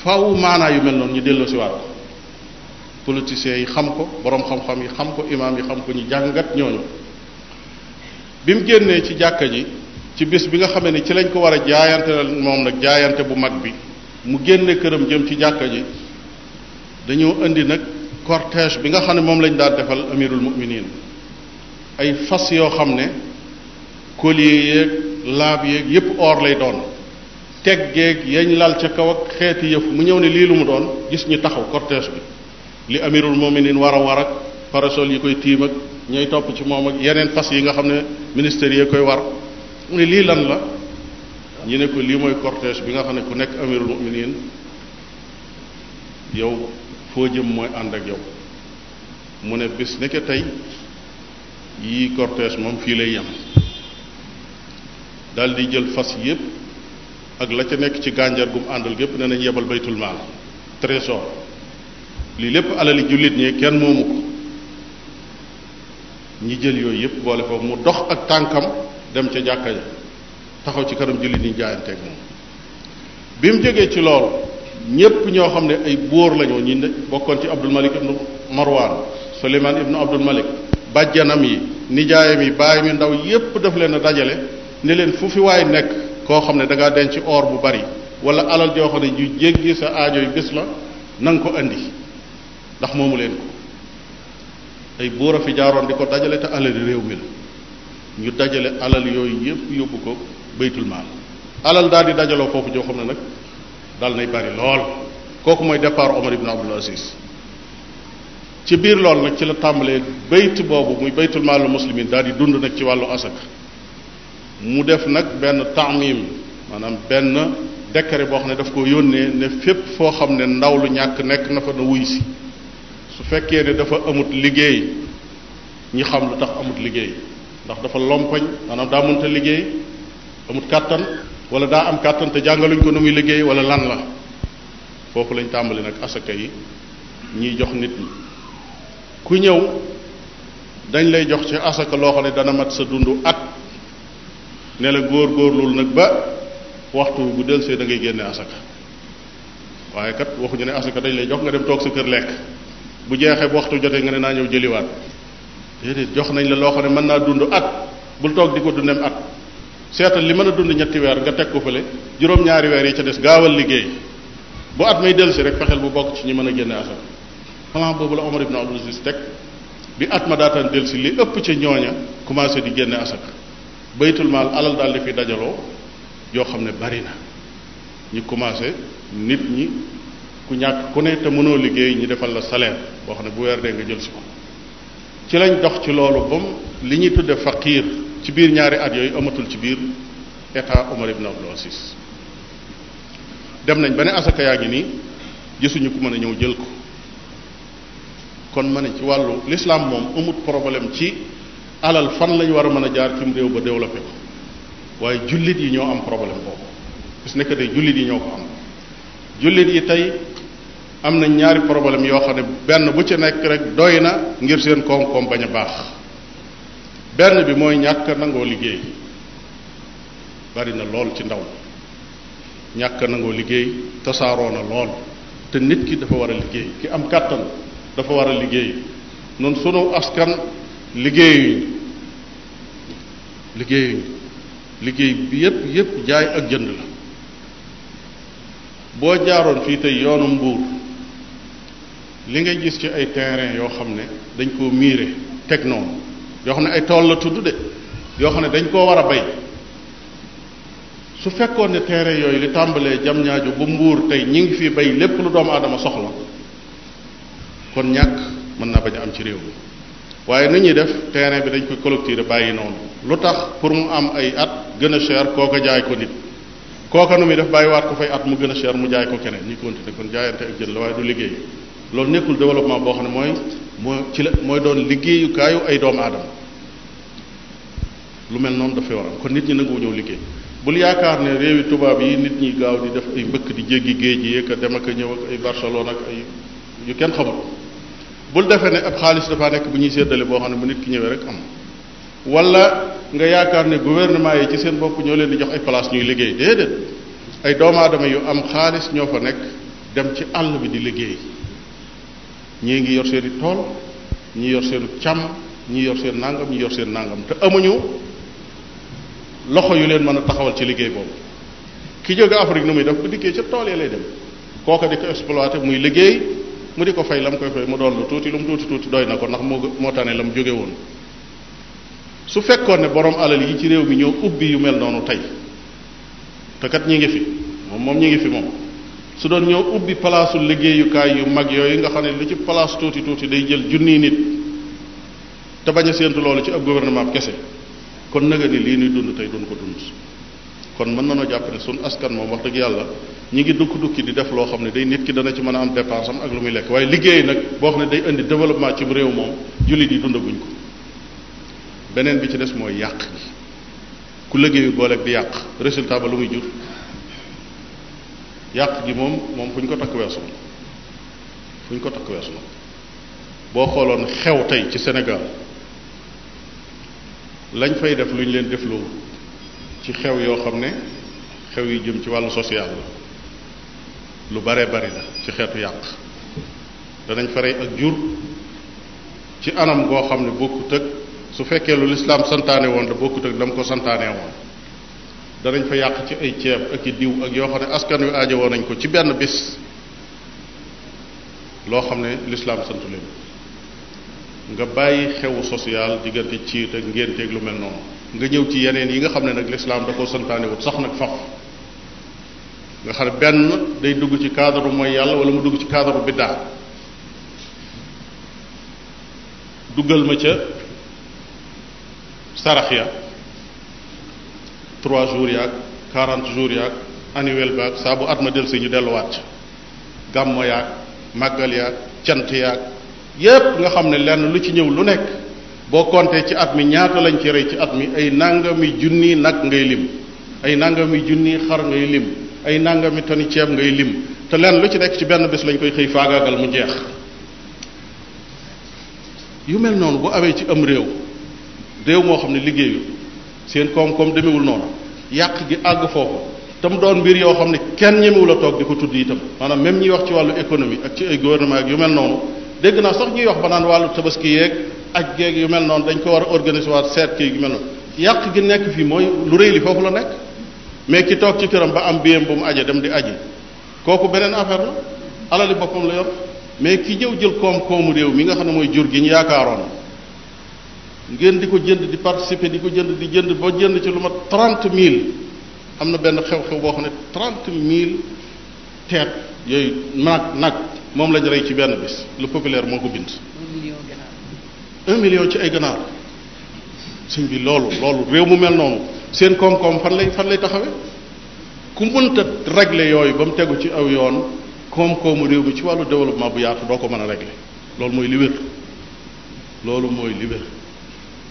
faw maanaa yu mel noonu ñu delloo waat politiciens yi xam ko borom xam-xam yi xam ko imaam yi xam ko ñu jàngat ñooñu bi mu génnee ci jàkka ji ci bis bi nga xamee ni ci lañ ko war a jaayante moom nag jaayante bu mag bi mu génne këram jëm ci jàkka ji dañoo indi nag cortège bi nga xam ne moom lañ daan defal amirul muminin ay fas yoo xam ne collier yeeg laab yeeg yépp or lay doon teggeeg yañ lal ca kaw ak xeeti yëf mu ñëw ne lii lu mu doon gis ñu taxaw cortège bi li amirul muminin war a war ak parasol yi koy tiim ñooy topp ci moom ak yeneen fas yi nga xam ne ministère yee koy war mu ne lii lan la ñu ne ko lii mooy cortège bi nga xam ne ku nekk amirul muminin yow foo jëm mooy ànd ak yow mu ne bis nekke tey yi cortège moom fii lay yem daal di jël fas yépp ak la ca nekk ci gànjar gu àndal gépp ne nañ yebal baytul maal trésor lii lépp alali jullit ñee kenn moomu ko ñi jël yooyu yëpp boole foofu mu dox ak tànkam dem ca jàkka ja taxaw ci kanam jullit ñi jaayanteeg moom bi mu jegee ci lool ñépp ñoo xam ne ay bóor lañoo ñi ne bokkoon ci Abdul Malik ibnu Marwan Suleymaan ibnu Abdul Malik bàjjanam yi nijaayam yi baayam yi ndaw yépp daf leen a dajale ni leen fu fi waay nekk koo xam ne da ngaa ci or bu bari wala alal joo xam ne ju jéggi sa aajo yu gis la na nga ko indi ndax moomu leen ko ay buur a fi jaaroon di ko dajale te alali réew mi la ñu dajale alal yooyu yépp yóbbu ko baytul maal alal daal di dajaloo foofu joo xam ne nag dal nay bari lool kooku mooy départ Omar ibn Abdul Aziz ci biir lool nag ci la tàmbalee bayt boobu muy baytul maalu muslimin daal di dund nag ci wàllu asak mu def nag benn taamim maanaam benn décret boo xam ne daf ko yónnee ne fépp foo xam ne ndaw lu ñàkk nekk na fa na wuy si su fekkee ne dafa amut liggéey ñi xam lu tax amut liggéey ndax dafa lompañ maanaam daa mënta liggéey amut kàttan wala daa am kàttan te jàngaluñ ko nu muy liggéey wala lan la foofu lañ tàmbali nag asaka yi ñiy jox nit ñi ku ñëw dañ lay jox ci asaka loo xam ne dana mat sa dund at ne la góor góorlul nag ba waxtu bu delsee da ngay génne asaka waaye kat waxuñu ne asaka dañ lay jox nga dem toog sa kër lekk bu jeexee bu waxtu jotee nga ne naa ñëw jëliwaat déedéet jox nañ la loo xam ne mën naa dund at bul toog di ko dundem at seetal li mën a dund ñetti weer nga teg ko fële juróom-ñaari weer yi ca des gaawal liggéey bu at may dellusi rek fexeel bu bokk ci ñi mën a génne asal plan boobu la Omar ibn Abdul Aziz teg bi at ma daataan dellusi li ëpp ci ñooña commencé di génne asak baytul maal alal daal di fi dajaloo yoo xam ne bari na ñu commencé nit ñi ku ñàkk ku ne te mënoo liggéey ñu defal la salaire boo xam ne bu weer dee nga jël si ko ci lañ dox ci loolu bam li ñuy tudde faqir ci biir ñaari at yooyu amatul ci biir état Omar ibn Abdul Aziz dem nañ ba ne asaka yaa ngi nii gisuñu ku mën a ñëw jël ko kon ma ne ci wàllu lislaam moom amut problème ci alal fan lañ war a mën a jaar ci réew ba développé ko waaye jullit yi ñoo am problème boobu gis nekk day jullit yi ñoo ko am jullit yi tey am na ñaari problème yoo xam ne benn bu ci nekk rek doy na ngir seen koom-koom bañ a baax benn bi mooy ñàkk nangoo liggéey bari na lool ci ndaw ñàkk nangoo liggéey tasaaroo na lool te nit ki dafa war a liggéey ki am kàttan dafa war a liggéey noonu sunu askan liggéeyuñ liggéeyuñ liggéey bi yépp yépp jaay ak jënd la boo jaaroon fii tey yoonu mbuur li ngay gis ci ay terrain yoo xam ne dañ koo miire teg noonu yoo xam ne ay tool la tudd de yoo xam ne dañ koo war a bay su fekkoon ne terrain yooyu li tàmbalee jam ñaaju bu mbuur tey ñi ngi fi bay lépp lu doomu adama soxla kon ñàkk mën naa bañ a am ci réew mi waaye nu ñuy def terrain bi dañ koy collecter bàyyi noonu lu tax pour mu am ay at gën a cher kooka jaay ko nit kooka nu muy def bàyyiwaat ko fay at mu gën a cher mu jaay ko keneen ñu continuer kon jaayante ak la waaye du liggéey loolu nekkul développement boo xam ne mooy moo ci la mooy doon liggéeyukaayu ay doomu aadama lu mel noonu dafay war kon nit ñi nanguwu ñëw liggéey bul yaakaar ne réewi tubaab yi nit ñi gaaw di def ay mbëkk di jéggi géej yi ak dem ak ñëw ak ay Barcelone ak ay yu kenn xamul bul defee ne ab xaalis dafaa nekk bu ñuy séddale boo xam ne bu nit ki ñëwee rek am wala nga yaakaar ne gouvernement yi ci seen bopp ñoo leen di jox ay place ñuy liggéey déedéet ay doomu aadama yu am xaalis ñoo fa nekk dem ci àll bi di liggéey ñii ngi yor seen i tool ñii yor seenu càmm ñii yor seen nangam ñii yor seen nangam te amuñu loxo yu leen mën a taxawal ci liggéey boobu ki jóge Afrique nu muy def bu dikkee ca tool ya lay dem kooka di ko exploité muy liggéey mu di ko fey la mu koy fay mu doon lu tuuti lu mu tuuti tuuti doy na ko ndax moo moo tane la mu jóge woon su fekkoon ne borom alal yi ci réew mi ñoo ubbi yu mel noonu tey te kat ñi ngi fi moom moom ñi ngi fi moom su doon ñëw ubbi palaasu liggéeyukaay yu mag yooyu nga xam ne lu ci palaas tuuti tuuti day jël junniy nit te bañ a séentu loolu ci ak gouvernement kese kon naga ni lii nuy dund tey duñ ko dund kon mën nañoo jàpp ne suñ askan moom wax dëgg yàlla ñi ngi dukk dukki di def loo xam ne day nit ki dana ci mën a am dépense am ak lu muy lekk waaye liggéey nag boo xam ne day indi développement ci réew moom jullit yi dundaguñ ko beneen bi ci des mooy yàq ku liggéeyu booleeg di yàq résultat ba lu muy yàq gi moom moom fu ñu ko takk weesu na ko takk weesu boo xooloon xew tey ci Sénégal lañ fay def lu ñu leen def loolu ci xew yoo xam ne xew yu jëm ci wàllu social la lu baree bari la ci xeetu yàq danañ farey ak jur ci anam goo xam ne bokkut ak su fekkee lu lislaam santaane woon la bokkut ak dama ko santaanee woon danañ fa yàq ci ay ceeb ak i diw ak yoo xam ne askan wi aajowoo nañ ko ci benn bis loo xam ne lislaam sant leen nga bàyyi xewu social diggante ciit ak ngénteeg lu mel noonu nga ñëw ci yeneen yi nga xam ne nag lislaam da koo santaanewut sax nag faf nga xam ne benn day dugg ci cadre mooy yàlla wala mu dugg ci cadre biddaa duggal ma ca sarax ya trois jours yaag quarante jours yaag annuel baag saa at ma del si ñu delluwaat gàmmo yaag màggal yaag cant yaag yépp nga xam ne lenn lu ci ñëw lu nekk boo compter ci at mi ñaata lañ ci rey ci at mi ay nangami junni nag ngay lim ay nangami junni xar ngay lim ay nangami tani ceeb ngay lim te lenn lu ci nekk ci benn bés lañ koy xëy faagaagal mu jeex yu mel noonu bu amee ci am réew réew moo xam ne liggéeyu seen koom-koom demewul noonu yàq gi àgg foofu te mu doon mbir yoo xam ne kenn ñemewul a toog di ko tudd itam maanaam même ñiy wax ci wàllu économie ak ci ay gouvernement ak yu mel noonu dégg naa sax ñuy wax ba naan wàllu tabaski yeeg aj géeg yu mel noonu dañ ko war a organiser waat seet kii yu mel noonu yàq gi nekk fii mooy lu rëy li foofu la nekk mais ki toog ci këram ba am biyam bu mu aje dem di aji kooku beneen affaire la alali boppam la yor mais ki jëw jël koom-koomu réew mi nga xam ne mooy jur gi ñu yaakaaroon ngeen di ko jënd di participer di ko jënd di jënd boo jënd ci lu ma trente mille am na benn xew-xew boo xam ne trente mille teet yooyu naag nag moom lañ rey ci benn bis lu populaire moo ko bind un million ci ay ganaar suñ bi loolu loolu réew mu mel noonu seen koom-koom fan lay fan lay taxawe ku mënta régler yooyu ba mu tegu ci aw yoon koom-koomu réew mi ci wàllu développement bu yaatu doo ko mën a régler loolu mooy li wér loolu mooy li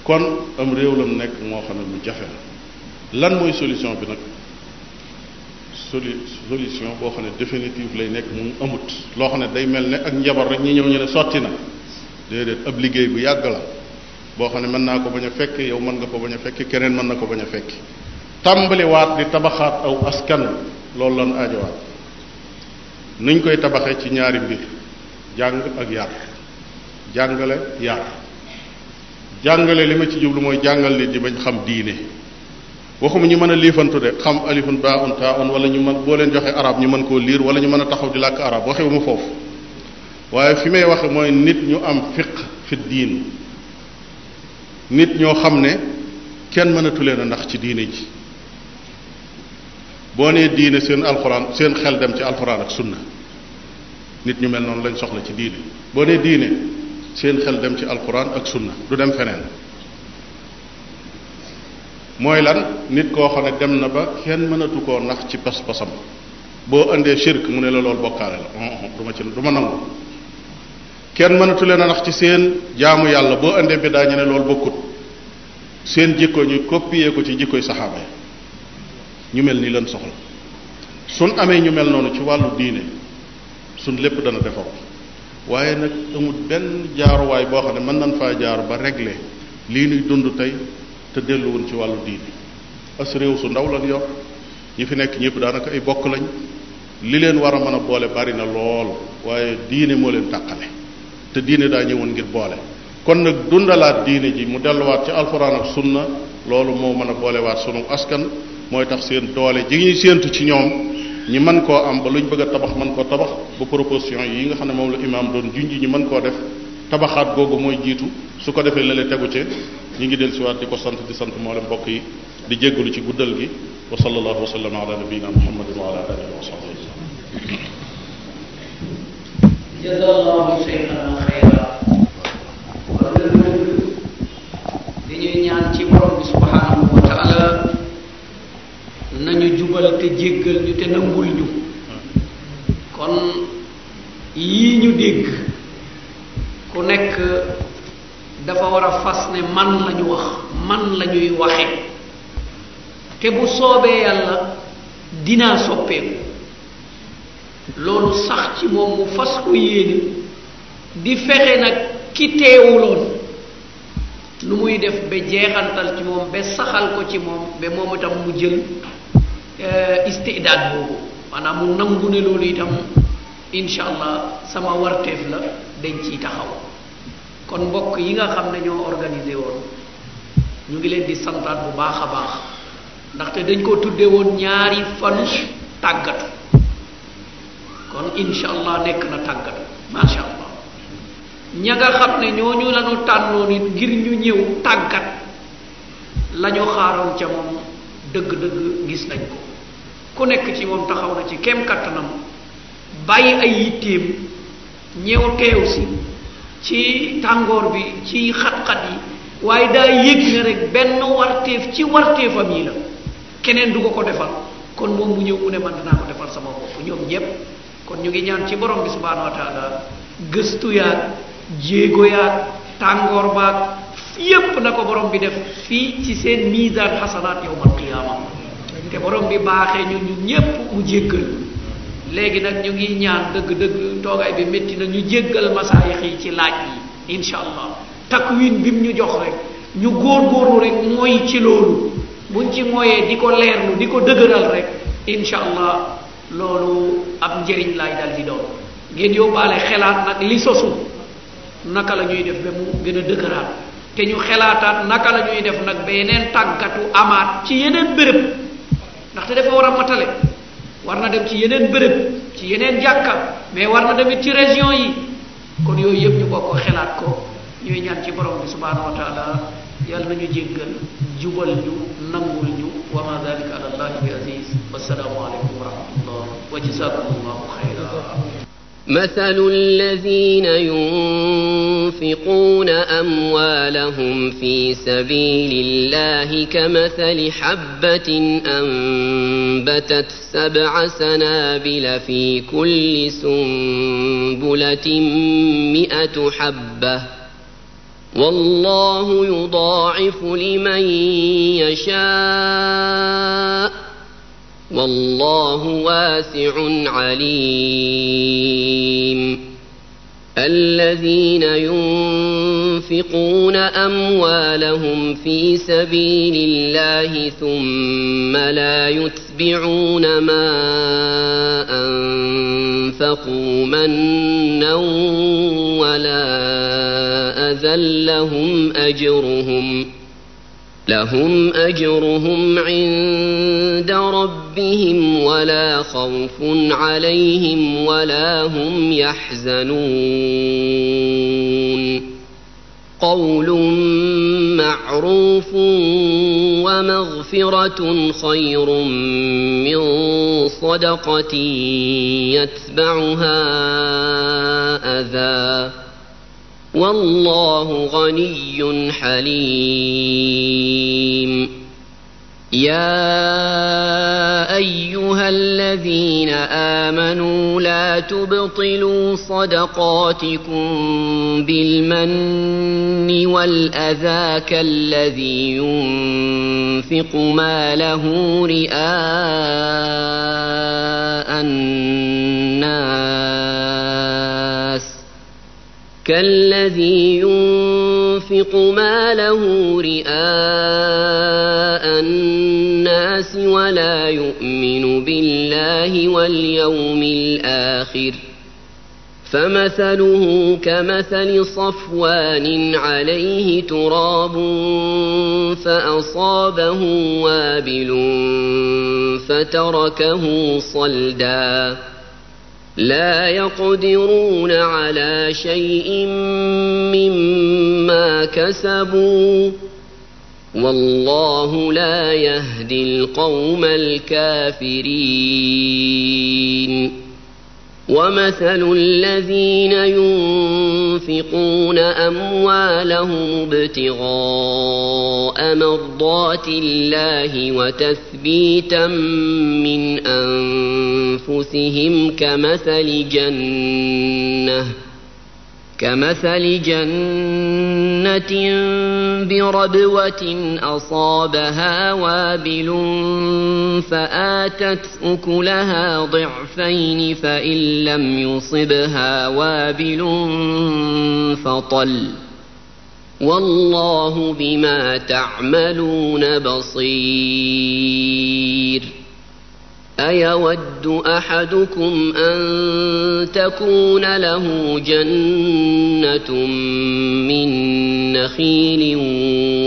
kon am réew la mu nekk moo xam ne mu jafe la lan mooy solution bi nag solu solution boo xam ne définitive lay nekk mu amut loo xam ne day mel ne ak njabar rek ñi ñëw ñu ne sotti na déedéet ab liggéey bu yàgg la boo xam ne mën naa ko bañ a fekk yow mën nga ko bañ a fekk keneen mën na ko bañ a fekk tàmbaliwaat di tabaxaat aw askan loolu lan aajowaat nuñ koy tabaxee ci ñaari mbir jàng ak yar jàngale yar jàngale li ma ci lu mooy jàngal nit ñi bañ xam diine waxuma ñu mën a liifantu de xam alifun baa un taa un wala ñu mën boo leen joxe araab ñu mën koo liir wala ñu mën a taxaw di làkk arab waxe wu ma foofu waaye fi may waxe mooy nit ñu am fiq fi diin nit ñoo xam ne kenn mënatu leen a ndax ci diine ji boo nee diine seen alxuraan seen xel dem ci alxuraan ak sunna nit ñu mel noonu lañ soxla ci diine boo nee diine seen xel dem ci alquran ak sunna du dem feneen mooy lan nit koo xam ne dem na ba kenn mënatu koo nax ci pas-pasam boo indee shirk mu ne la lool bokkaale la du ma du ma nangu kenn mënatu leen a nax ci seen jaamu yàlla boo indee bidaa ñu ne loolu bokkut seen jikko ñu copier ko ci jikkoy saxaaba yi ñu mel ni leen soxla suñ amee ñu mel noonu ci wàllu diine suñ lépp dana defar waaye nag amul benn jaaruwaay boo xam ne mën nañ faa jaar ba régler lii nuy dund tey te delluwun ci wàllu diine as réew su ndaw lan yor ñi fi nekk ñëpp daanaka ay bokk lañ li leen war a mën a boole bari na lool waaye diine moo leen tàqale te diine daa ñëwoon ngir boole kon nag dundalaat diine ji mu delluwaat ci alxuraan ak sunna loolu moo mën a boolewaat sunu askan mooy tax seen doole ji ñuy séentu ci ñoom ñi man koo am ba luñ bëgg a tabax man koo tabax ba proposition yi nga xam ne moom la imaam doon junj ñi man koo def tabaxaat googu mooy jiitu su ko defee lale tegu ci ñi ngi dellusiwaat di ko sant di sant moo mboolem mbokk yi di jéggalu ci guddal gi wa sallallahu wa sallam ala nabiyina muhammadin wa ala alihi wa sahbihi te jéggal ñu te nangul ñu kon yii ñu dégg ku nekk dafa war a fas ne man la wax man la waxe te bu soobee yàlla dinaa soppeeku loolu sax ci moom mu fas ko yéene di fexe nag ki teewuloon nu muy def ba jeexantal ci moom ba saxal ko ci moom ba moom itam mu jël Eh, istidaad boobu maanaam mu nangu ne loolu itam insha allah sama warteef la dañ ciy taxaw kon mbokk yi nga xam ne ñoo organisé woon ñu ngi leen di santaat bu baax a baax ndaxte dañ ko tuddee woon ñaari fanu tàggatu kon insha allah nekk na tàggatu macha allah ña nga xam ne ñooñu lañu tànnoon it ngir ñu ñëw tàggat lañu xaaroon ca moom dëgg-dëgg gis nañ ko ku nekk ci moom taxaw na ci kem kàttanam bàyyi ay yitteem ñëw teew si ci tàngoor bi ci xat-xat yi waaye daa yëg ne rek benn warteef ci warteefam yi la keneen du ko ko defal kon moom mu ñëw mu ne mën dinaa ko defal sama bopp ñoom ñépp kon ñu ngi ñaan ci borom bi subhanahu wa taala gëstu yaag jéego yaag tàngoor baag yépp na ko borom bi def fii ci seen miisaan xasanaat yowmal qiyaama te borom bi baaxee ñu ñu ñépp mu jéggal léegi nag ñu ngi ñaan dëgg-dëgg toogaay bi métti na ñu jéggal masaayix yi ci laaj yi insha allah takwin bi mu ñu jox rek ñu góor-góorlu rek mooy ci loolu buñ ci mooyee di ko leerlu di ko dëgëral rek insha allah loolu ab njëriñ laay dal di doon ngeen yóbbaale xelaat nag li sosu naka la ñuy def ba mu gën a dëgëraat te ñu xelaataat naka lañuy def nag ba yeneen tàggatu amaat ci yeneen bërëb ndaxte dafa war a matale war na dem ci yeneen bërëb ci yeneen jàkka mais war na demit ci région yi kon yooyu yëpp ñu bokk xelaat ko ñuy ñaan ci borom bi subhanahu wa taala yàlla nañu jéggal jubal ñu nangul ñu wa ma dalika ala allahi bi aziz wassalaamu aleykum wa rahmatullah wa jazakumullahu xayr مثل الذين ينفقون أموالهم في سبيل الله كمثل حبة أنبتت سبع سنابل في كل سنبلة مئة حبة والله يضاعف لمن يشاء والله واسع عليم الذين ينفقون اموالهم في سبيل الله ثم لا يتبعون ما انفقوا منا ولا اذى لهم اجرهم لهم أجرهم عند ربهم ولا خوف عليهم ولا هم يحزنون قول معروف ومغفرة خير من صدقة يتبعها أذى والله غني حليم يا ايها الذين امنوا لا تبطلوا صدقاتكم بالمن والاذى كالذي ينفق ماله رئاء الناس كالذي ينفق ماله رئاء الناس ولا يؤمن بالله واليوم الآخر فمثله كمثل صفوان عليه تراب فأصابه وابل فتركه صلداً لا يقدرون على شيء مما كسبوا والله لا يهدي القوم الكافرين ومثل الذين ينفقون أموالهم ابتغاء مرضات الله وتثبيتا من أنفسهم كمثل جنة كمثل جنة بربوة أصابها وابل فآتت أكلها ضعفين فإن لم يصبها وابل فطل والله بما تعملون بصير أيود أحدكم أن تكون له جنة من نخيل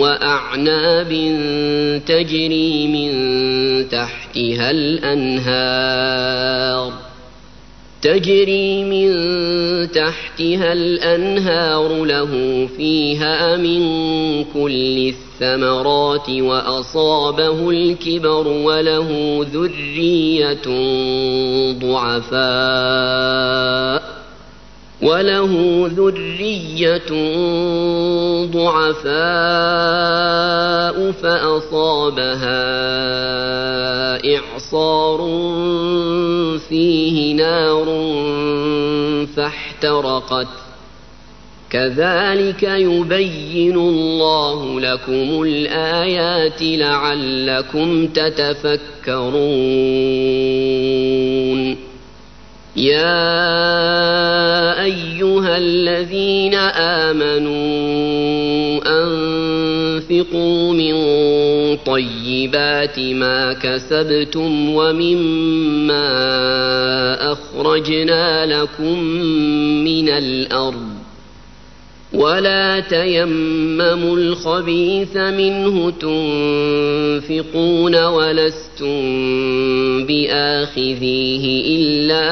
وأعناب تجري من تحتها الأنهار تجري من تحتها الأنهار له فيها من كل الثمرات وأصابه الكبر وله ذرية ضعفاء وله ذرية ضعفاء فأصابها إعراض صار فيه نار فاحترقت كذلك يبين الله لكم الآيات لعلكم تتفكرون يا أيها الذين آمنوا أن تنفقوا من طيبات ما كسبتم ومما أخرجنا لكم من الأرض ولا تيمموا الخبيث منه تنفقون ولستم بآخذيه إلا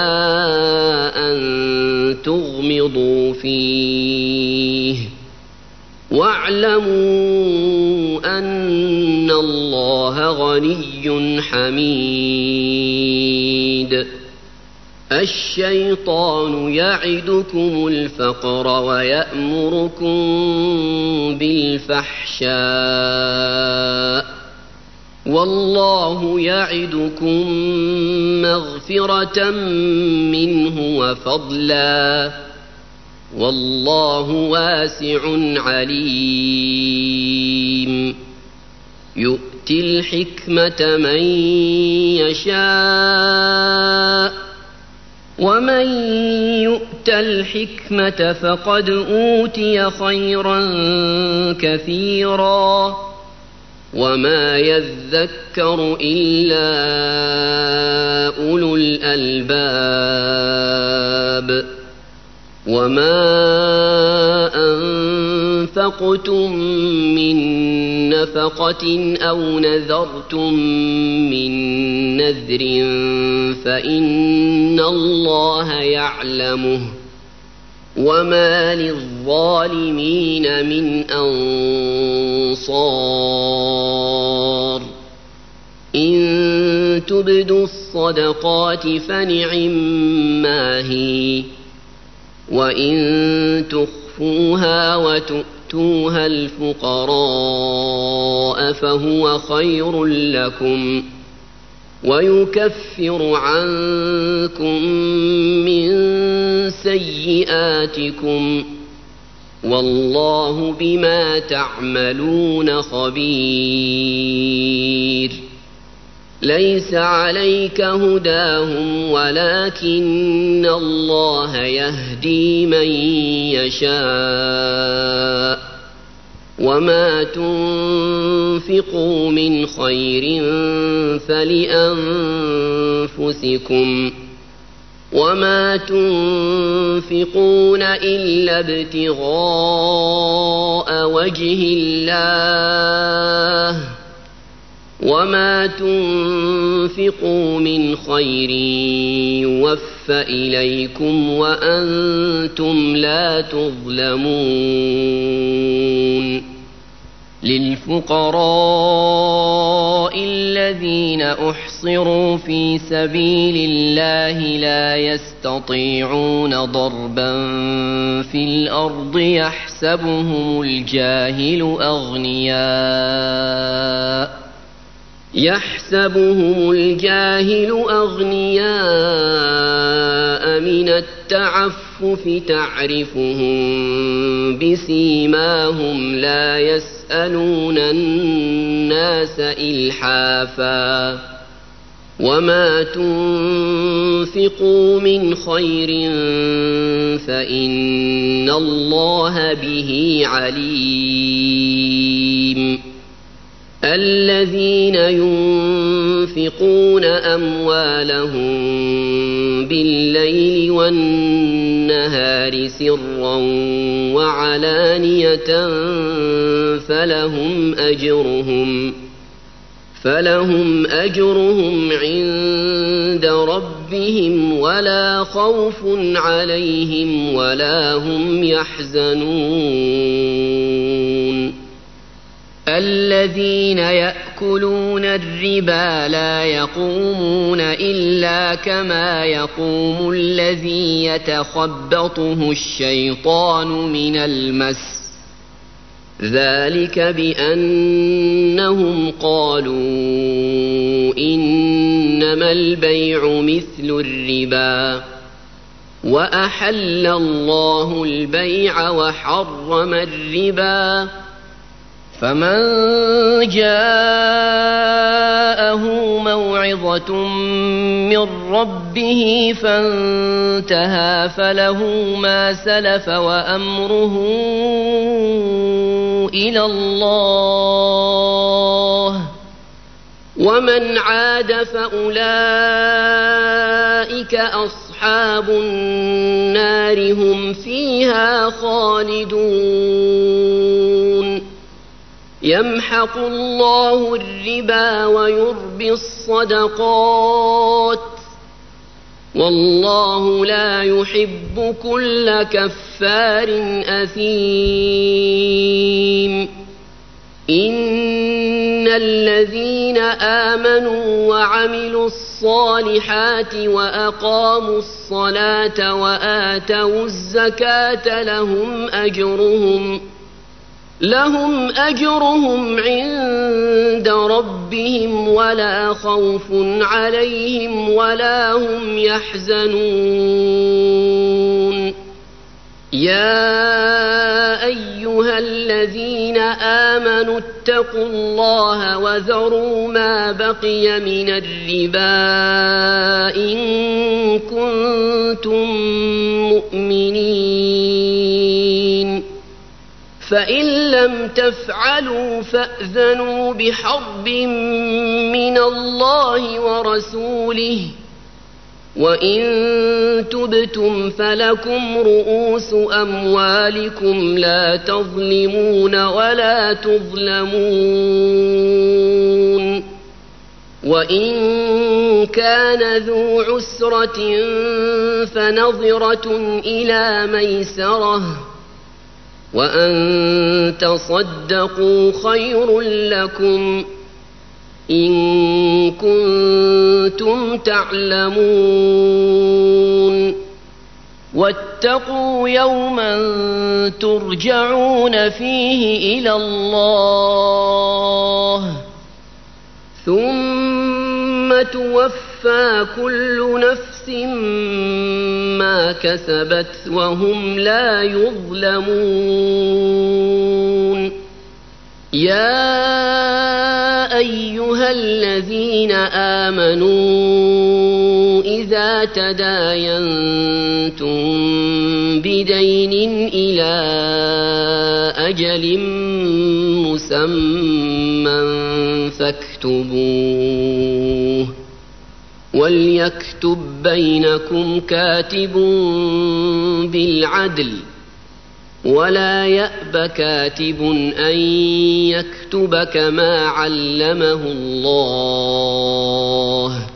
أن تغمضوا فيه واعلموا أن الله غني حميد الشيطان يعدكم الفقر ويأمركم بالفحشاء والله يعدكم مغفرة منه وفضلاً والله واسع عليم يؤتي الحكمة من يشاء ومن يؤت الحكمة فقد أوتي خيرا كثيرا وما يذكر إلا أولو الألباب وما أنفقتم من نفقة أو نذرتم من نذر فإن الله يعلمه وما للظالمين من أنصار إن تبدوا الصدقات فنعم ما هِيَ وإن تخفوها وتؤتوها الفقراء فهو خير لكم ويكفر عنكم من سيئاتكم والله بما تعملون خبير ليس عليك هداهم ولكن الله يهدي من يشاء وما تنفقوا من خير فلانفسكم وما تنفقون الا ابتغاء وجه الله وما تنفقوا من خير يوفى إليكم وأنتم لا تظلمون للفقراء الذين أحصروا في سبيل الله لا يستطيعون ضربا في الأرض يحسبهم الجاهل أغنياء يحسبهم الجاهل أغنياء من التعفف تعرفهم بسيماهم لا يسألون الناس إلحافا وما تنفقوا من خير فإن الله به عليم الذين ينفقون أموالهم بالليل والنهار سرا وعلانية فلهم أجرهم فلهم أجرهم عند ربهم ولا خوف عليهم ولا هم يحزنون الذين ياكلون الربا لا يقومون الا كما يقوم الذي يتخبطه الشيطان من المس ذلك بانهم قالوا انما البيع مثل الربا واحل الله البيع وحرم الربا فمن جاءه موعظة من ربه فانتهى فله ما سلف وأمره إلى الله ومن عاد فأولئك أصحاب النار هم فيها خالدون يمحق الله الربا ويربي الصدقات والله لا يحب كل كفار أثيم إن الذين آمنوا وعملوا الصالحات وأقاموا الصلاة وآتوا الزكاة لهم أجرهم ۖ لهم أجرهم عند ربهم ولا خوف عليهم ولا هم يحزنون يا أيها الذين آمنوا اتقوا الله وذروا ما بقي من الربا إن كنتم مؤمنين فإن لم تفعلوا فأذنوا بحرب من الله ورسوله وإن تبتم فلكم رؤوس أموالكم لا تظلمون ولا تظلمون وإن كان ذو عسرة فنظرة إلى ميسره وأن تصدقوا خير لكم إن كنتم تعلمون واتقوا يوما ترجعون فيه إلى الله ثم يوم توفى كل نفس ما كسبت وهم لا يظلمون يا ايها الذين امنوا اذا تداينتم بدين الى اجل مسمى فاكتبوه فاكتبوه وليكتب بينكم كاتب بالعدل ولا ياب كاتب ان يكتب كما علمه الله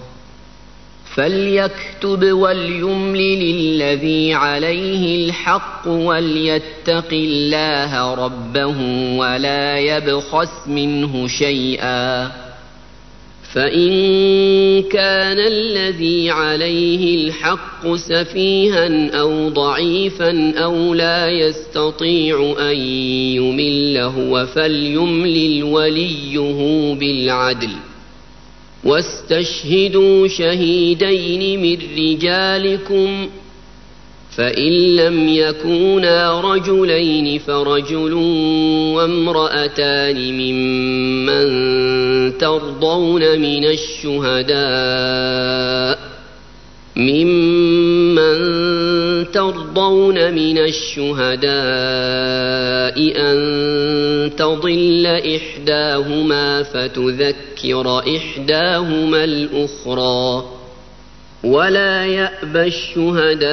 فليكتب وليملل الذي عليه الحق وليتق الله ربه ولا يبخس منه شيئا فإن كان الذي عليه الحق سفيها أو ضعيفا أو لا يستطيع أن يمل هو فليملل وليه بالعدل واستشهدوا شهيدين من رجالكم ۖ فإن لم يكونا رجلين فرجل وامرأتان ممن ترضون من الشهداء ممن ترضون من الشهداء أن تضل إحداهما فتذكر إحداهما الأخرى ولا يأبى الشهداء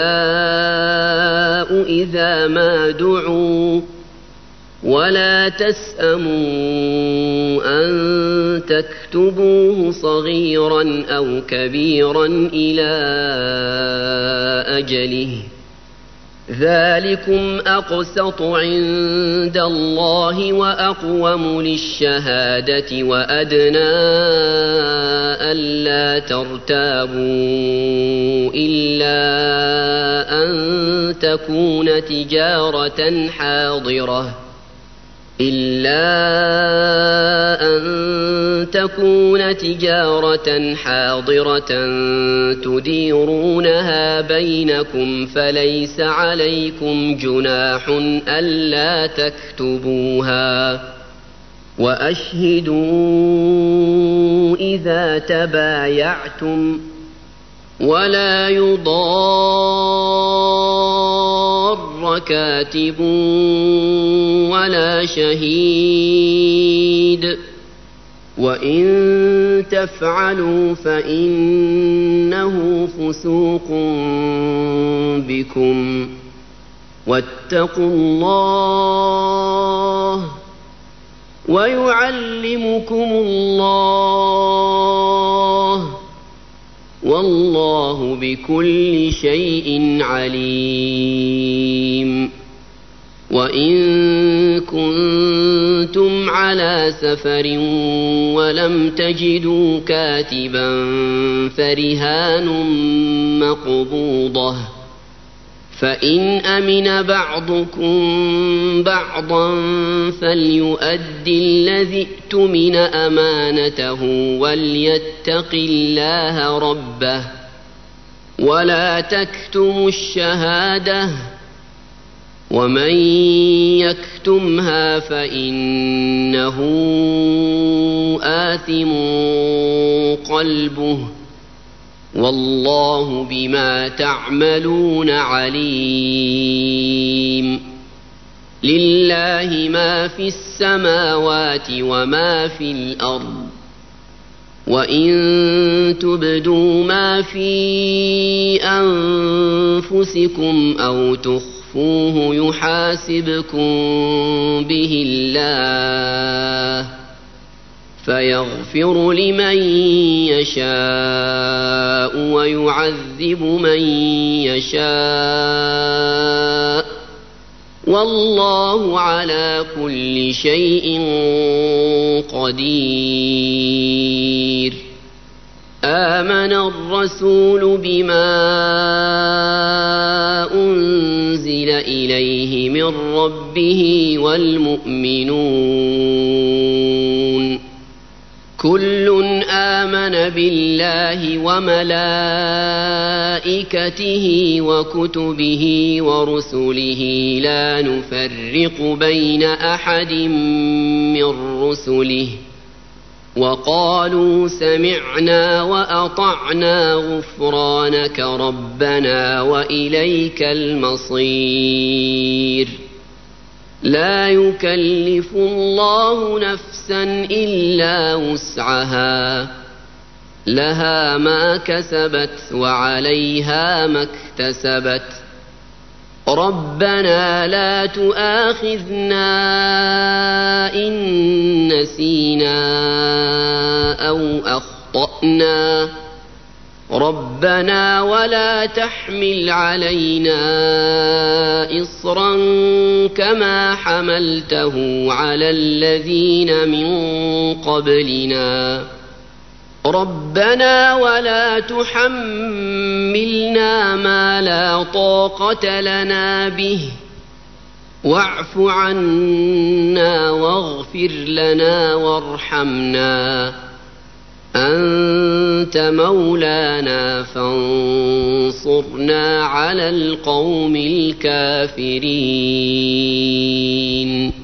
إذا ما دعوا ولا تسأموا أن تكتبوه صغيرا أو كبيرا إلى أجله ۖ ذلكم أقسط عند الله وأقوم للشهادة وأدنى ألا ترتابوا إلا أن تكون تجارة حاضرة إلا أن تكون تجارة حاضرة تديرونها بينكم فليس عليكم جناح ألا تكتبوها وأشهدوا إذا تبايعتم ولا يضار بر كاتب ولا شهيد وان تفعلوا فانه فسوق بكم واتقوا الله ويعلمكم الله والله بكل شيء عليم وان كنتم على سفر ولم تجدوا كاتبا فرهان مقبوضه فإن أمن بعضكم بعضا فليؤد الذي ائتمن أمانته وليتق الله ربه ولا تكتموا الشهادة ومن يكتمها فإنه آثم قلبه والله بما تعملون عليم لله ما في السماوات وما في الارض وان تبدوا ما في انفسكم او تخفوه يحاسبكم به الله فيغفر لمن يشاء ويعذب من يشاء والله على كل شيء قدير امن الرسول بما انزل اليه من ربه والمؤمنون كل آمن بالله وملائكته وكتبه ورسله لا نفرق بين أحد من رسله وقالوا سمعنا وأطعنا غفرانك ربنا وإليك المصير لا يكلف الله نفسا إلا وسعها لها ما كسبت وعليها ما اكتسبت ربنا لا تؤاخذنا إن نسينا أو أخطأنا ربنا ولا تحمل علينا إصرا كما حملته على الذين من قبلنا ربنا ولا تحملنا ما لا طاقة لنا به واعف عنا واغفر لنا وارحمنا أنت مولانا فانصرنا على القوم الكافرين